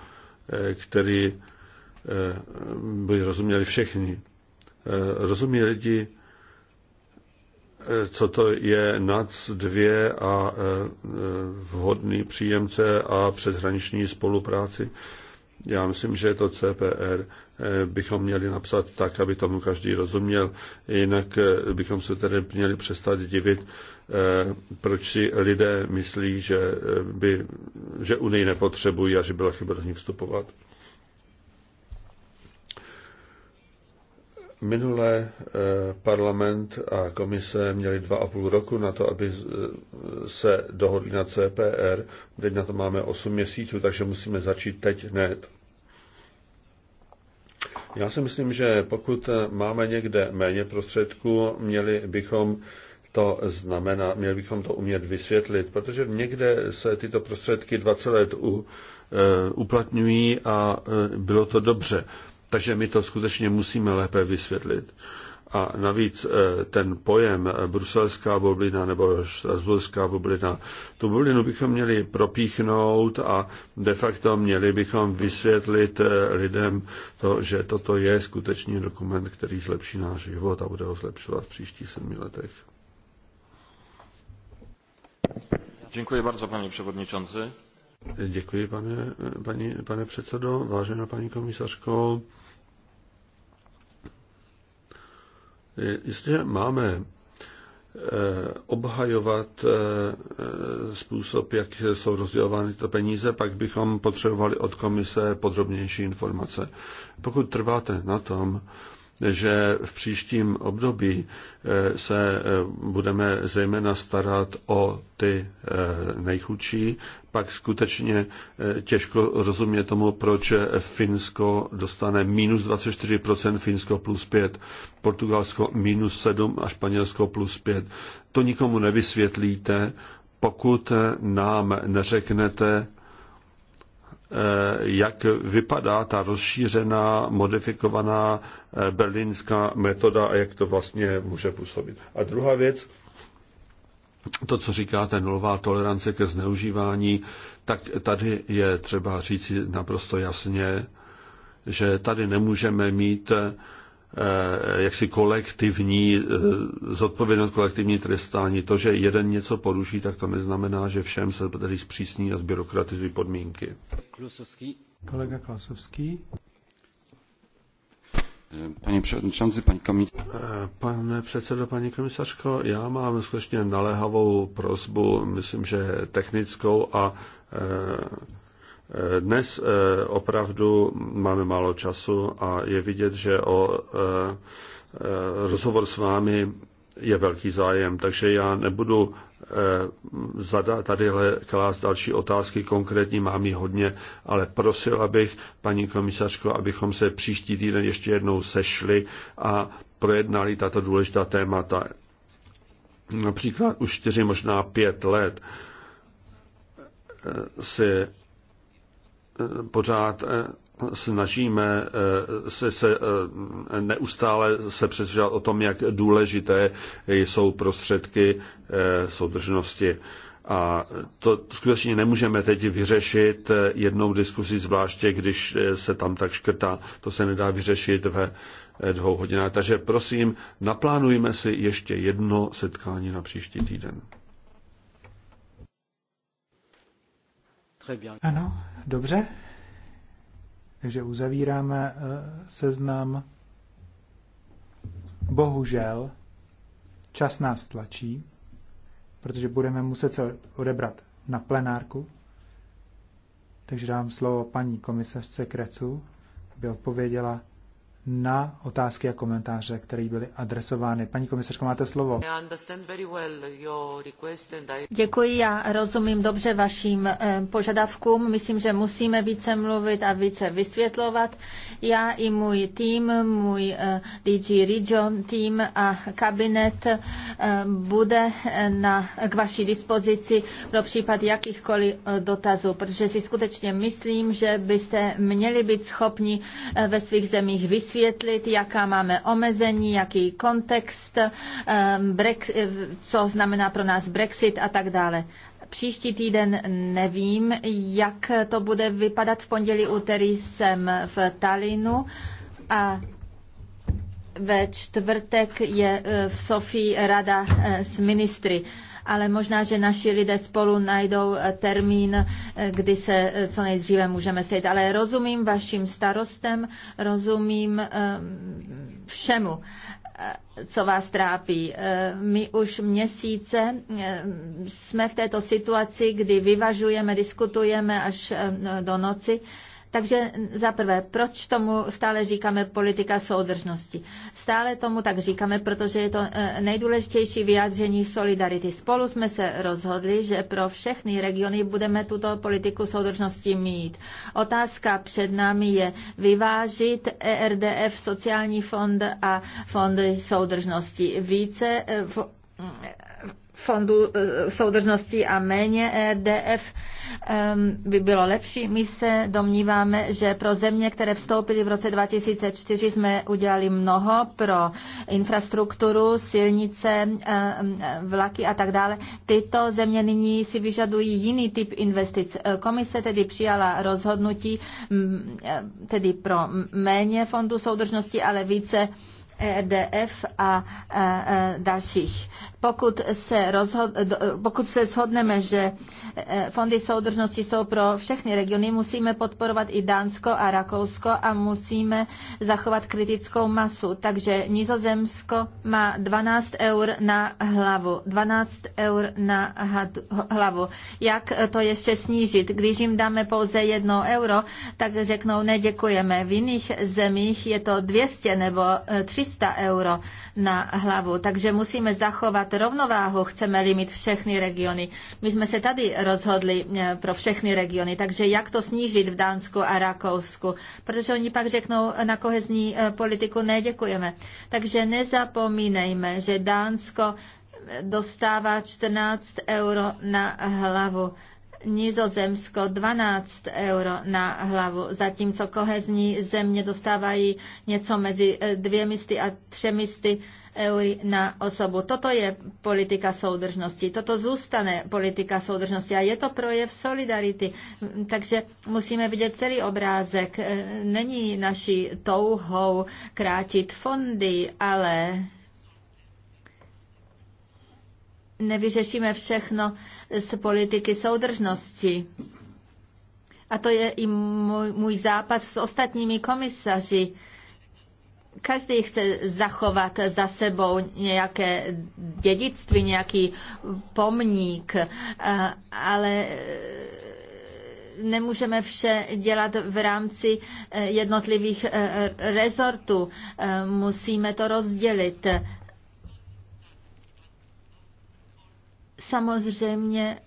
který eh, by rozuměli všichni. Eh, rozumí lidi, eh, co to je NAC 2 a vhodný příjemce a předhraniční spolupráci. Já myslím, že to CPR Eh, bychom měli napsat tak, aby tomu každý rozuměl. Jinak eh, bychom se tedy měli přestat divit, eh, proč si lidé myslí, že, by, že Unii nepotřebují a že byla chyba do ní vstupovat. Minulé parlament a komise měli dva a půl roku na to, aby se dohodli na CPR. Teď na to máme 8 měsíců, takže musíme začít teď hned. Já si myslím, že pokud máme někde méně prostředků, měli bychom to znamená, měli bychom to umět vysvětlit, protože někde se tyto prostředky 20 let u, e, uplatňují a e, bylo to dobře. Takže my to skutečně musíme lépe vysvětlit. A navíc eh, ten pojem eh, bruselská bublina nebo štrasburská bublina, tu bublinu bychom měli propíchnout a de facto měli bychom vysvětlit eh, lidem to, že toto je skutečný dokument, který zlepší náš život a bude ho zlepšovat v příštích sedmi letech. Děkuji bardzo, panie Děkuji, pane, paní, pane předsedo, vážená paní komisařko. Jestliže máme eh, obhajovat eh, způsob, jak jsou rozdělovány tyto peníze, pak bychom potřebovali od komise podrobnější informace. Pokud trváte na tom, že v příštím období eh, se budeme zejména starat o ty nejchudší, pak skutečně eh, těžko rozumě tomu, proč eh, Finsko dostane minus 24%, Finsko plus 5, Portugalsko minus 7 a Španělsko plus 5. To nikomu nevysvětlíte, pokud eh, nám neřeknete, jak vypadá ta rozšířená, modifikovaná berlínská metoda a jak to vlastně může působit. A druhá věc, to, co říkáte, nulová tolerance ke zneužívání, tak tady je třeba říci naprosto jasně, že tady nemůžeme mít eh, jaksi kolektivní eh, zodpovědnost, kolektivní trestání. To, že jeden něco poruší, tak to neznamená, že všem se tady zpřísní a zbyrokratizují podmínky. Kolega Klasovský. Pani předsedající, Pane předsedo, paní komisařko, já mám skutečně naléhavou prosbu, myslím, že technickou a e, e, dnes e, opravdu máme málo času a je vidět, že o rozhovor s vámi je velký zájem, takže já nebudu Eh, tady klást další otázky, konkrétní mám jich hodně, ale prosila bych, paní komisařko, abychom se příští týden ještě jednou sešli a projednali tato důležitá témata. Například už čtyři, možná pět let eh, si eh, pořád snažíme eh, se, se eh, neustále se přesvědčovat o tom, jak důležité jsou prostředky eh, soudržnosti. A to skutečně nemůžeme teď vyřešit jednou diskusí, zvláště když se tam tak škrtá. To se nedá vyřešit ve dvou hodinách. Takže prosím, naplánujme si ještě jedno setkání na příští týden. Ano, dobře. Takže uzavíráme eh, seznam. Bohužel, čas nás tlačí, protože budeme muset se odebrat na plenárku. Takže dám slovo paní komisařce Krecu, aby odpověděla na otázky a komentáře, které byly adresovány. Paní komisařko, máte slovo. Děkuji, já rozumím dobře vašim eh, požadavkům. Myslím, že musíme více mluvit a více vysvětlovat. Já i můj tým, můj eh, DG Region tým a kabinet eh, bude na, k vaší dispozici pro případ jakýchkoliv dotazů, protože si skutečně myslím, že byste měli být schopni ve svých zemích vysvětlit, vysvětlit, jaká máme omezení, jaký kontext, ehm, eh, co znamená pro nás Brexit a tak dále. Příští týden nevím, jak to bude vypadat. V pondělí úterý jsem v Talinu a ve čtvrtek je eh, v Sofii rada eh, s ministry ale možná, že naši lidé spolu najdou eh, termín, eh, kdy se eh, co nejdříve můžeme sejít. Ale rozumím vašim starostem, rozumím všemu co vás trápí. My už měsíce jsme v této situaci, kdy vyvažujeme, diskutujeme až do noci takže za prvé, proč tomu stále říkáme politika soudržnosti? Stále tomu tak říkáme, protože je to e, nejdůležitější vyjádření solidarity. Spolu jsme se rozhodli, že pro všechny regiony budeme tuto politiku soudržnosti mít. Otázka před námi je vyvážit ERDF, sociální fond a fondy soudržnosti více v e, fondu eh, soudržnosti a méně EDF by bylo lepší. My se domníváme, že pro země, které vstoupily v roce 2004, jsme udělali mnoho pro infrastrukturu, silnice, vlaky a tak dále. Tyto země nyní si vyžadují jiný typ investic. Eh, komise tedy přijala rozhodnutí eh, tedy pro méně fondu soudržnosti, ale více EDF a e, e, dalších. Pokud se, rozhod, pokud se shodneme, že e, fondy soudržnosti jsou pro všechny regiony, musíme podporovat i Dánsko a Rakousko a musíme zachovat kritickou masu. Takže Nizozemsko má 12 eur na hlavu. 12 eur na hlavu. Jak to ještě snížit? Když jim dáme pouze jedno euro, tak řeknou, ne děkujeme. V jiných zemích je to 200 nebo 300 300 euro na hlavu. Takže musíme zachovat rovnováhu, chceme limit všechny regiony. My jsme se tady rozhodli eh, pro všechny regiony, takže jak to snížit v Dánsku a Rakousku? Protože oni pak řeknou na kohezní eh, politiku neděkujeme. Takže nezapomínejme, že Dánsko eh, dostává 14 euro na hlavu Nizozemsko 12 euro na hlavu, zatímco kohezní země dostávají něco mezi eh, dvěmisty a třemisty eury na osobu. Toto je politika soudržnosti, toto zůstane politika soudržnosti a je to projev solidarity. Takže musíme vidět celý obrázek. Eh, není naší touhou krátit fondy, ale nevyřešíme všechno z politiky soudržnosti. A to je i můj, můj zápas s ostatními komisaři. Každý chce zachovat za sebou nějaké dědictví, nějaký pomník, ale e, nemůžeme vše dělat v rámci e, jednotlivých e, rezortů. Musíme to rozdělit. Samozřejmě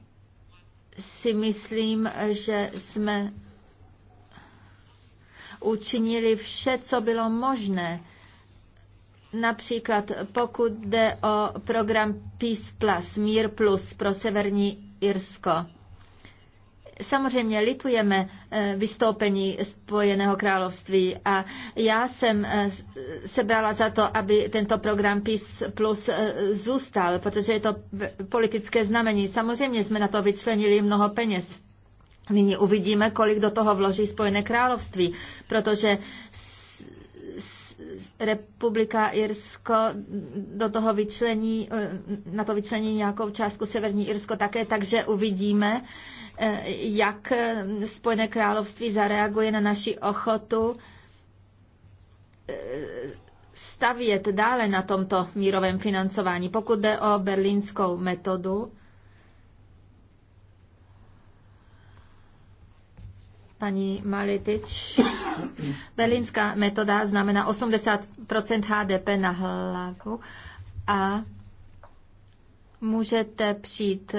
si myslím, že jsme učinili vše, co bylo možné. Například pokud jde o program Peace Plus, Mír Plus pro Severní Irsko. Samozřejmě litujeme eh, vystoupení Spojeného království a já jsem eh, se brala za to, aby tento program PIS Plus eh, zůstal, protože je to politické znamení. Samozřejmě jsme na to vyčlenili mnoho peněz. Nyní uvidíme, kolik do toho vloží Spojené království, protože republika Irsko do toho vyčlení, eh, na to vyčlení nějakou částku Severní Irsko také, takže uvidíme, eh, jak eh, Spojené království zareaguje na naši ochotu stavět dále na tomto mírovém financování. Pokud jde o berlínskou metodu, paní Malitič. Berlínská metoda znamená 80 HDP na hlavu a můžete přijít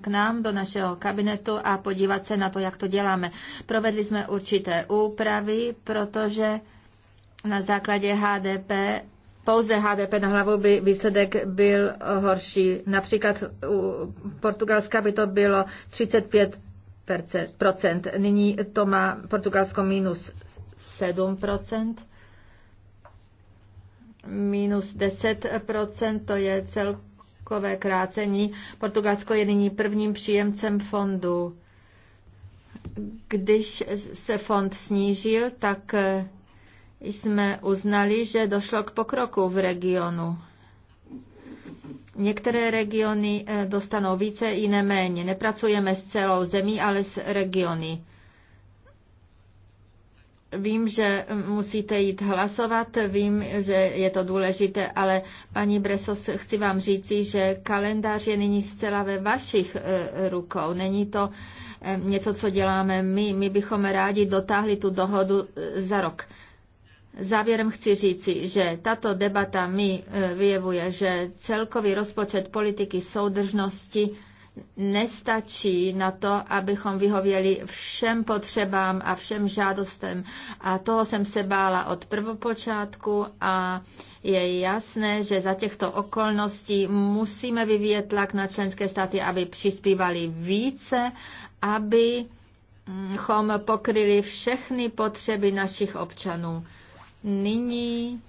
k nám do našeho kabinetu a podívat se na to, jak to děláme. Provedli jsme určité úpravy, protože na základě HDP pouze HDP na hlavu by výsledek byl horší. Například u Portugalska by to bylo 35 procent. Nyní to má Portugalsko minus 7 procent. Minus 10 procent, to je celkové krácení. Portugalsko je nyní prvním příjemcem fondu. Když se fond snížil, tak jsme uznali, že došlo k pokroku v regionu Některé regiony eh, dostanou více, jiné méně. Nepracujeme s celou zemí, ale s regiony. Vím, že hm, musíte jít hlasovat, vím, že je to důležité, ale paní Bresos, chci vám říci, že kalendář je nyní zcela ve vašich eh, rukou. Není to eh, něco, co děláme my. My bychom rádi dotáhli tu dohodu za rok. Závěrem chci říci, že tato debata mi eh, vyjevuje, že celkový rozpočet politiky soudržnosti nestačí na to, abychom vyhověli všem potřebám a všem žádostem. A toho jsem se bála od prvopočátku a je jasné, že za těchto okolností musíme vyvíjet tlak na členské státy, aby přispívali více, aby hm, pokryli všechny potřeby našich občanů. Nyní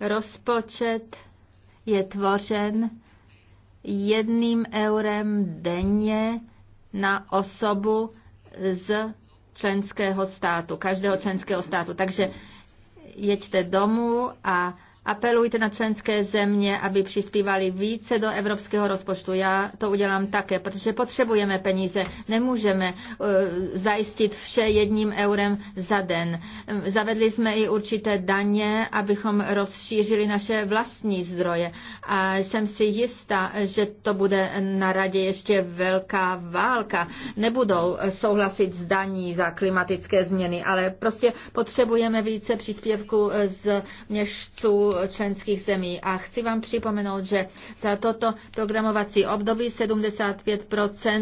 rozpočet je tvořen jedným eurem denně na osobu z členského státu, každého členského státu. Takže jeďte domů a apelujte na členské země, aby přispívali více do evropského rozpočtu. Já to udělám také, protože potřebujeme peníze. Nemůžeme uh, zajistit vše jedním eurem za den. Zavedli jsme i určité daně, abychom rozšířili naše vlastní zdroje. A jsem si jistá, že to bude na radě ještě velká válka. Nebudou souhlasit s daní za klimatické změny, ale prostě potřebujeme více příspěvku z měšců členských zemí. A chci vám připomenout, že za toto programovací období 75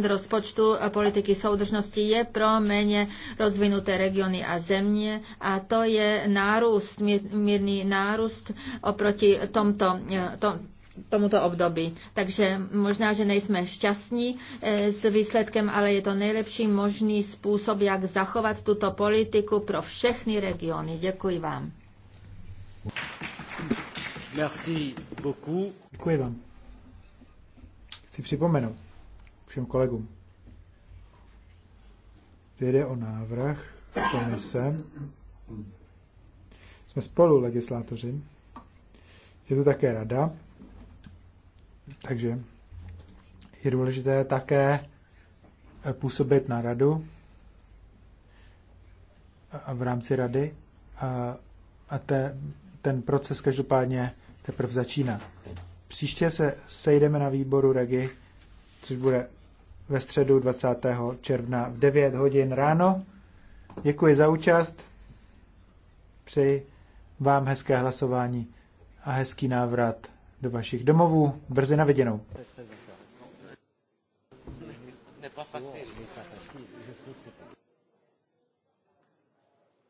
rozpočtu politiky soudržnosti je pro méně rozvinuté regiony a země a to je nárůst, mírný nárůst oproti tomto, eh, tom, tomuto období. Takže možná, že nejsme šťastní eh, s výsledkem, ale je to nejlepší možný způsob, jak zachovat tuto politiku pro všechny regiony. Děkuji vám. Merci beaucoup. Děkuji vám. Chci připomenout všem kolegům, jde o návrh komise. Jsme spolu legislátoři. Je tu také rada, takže je důležité také eh, působit na radu a v rámci rady a, a te, ten proces každopádně teprve začíná. Příště se sejdeme na výboru Regi, což bude ve středu 20. června v 9 hodin ráno. Děkuji za účast, přeji vám hezké hlasování a hezký návrat do vašich domovů. Brzy na viděnou.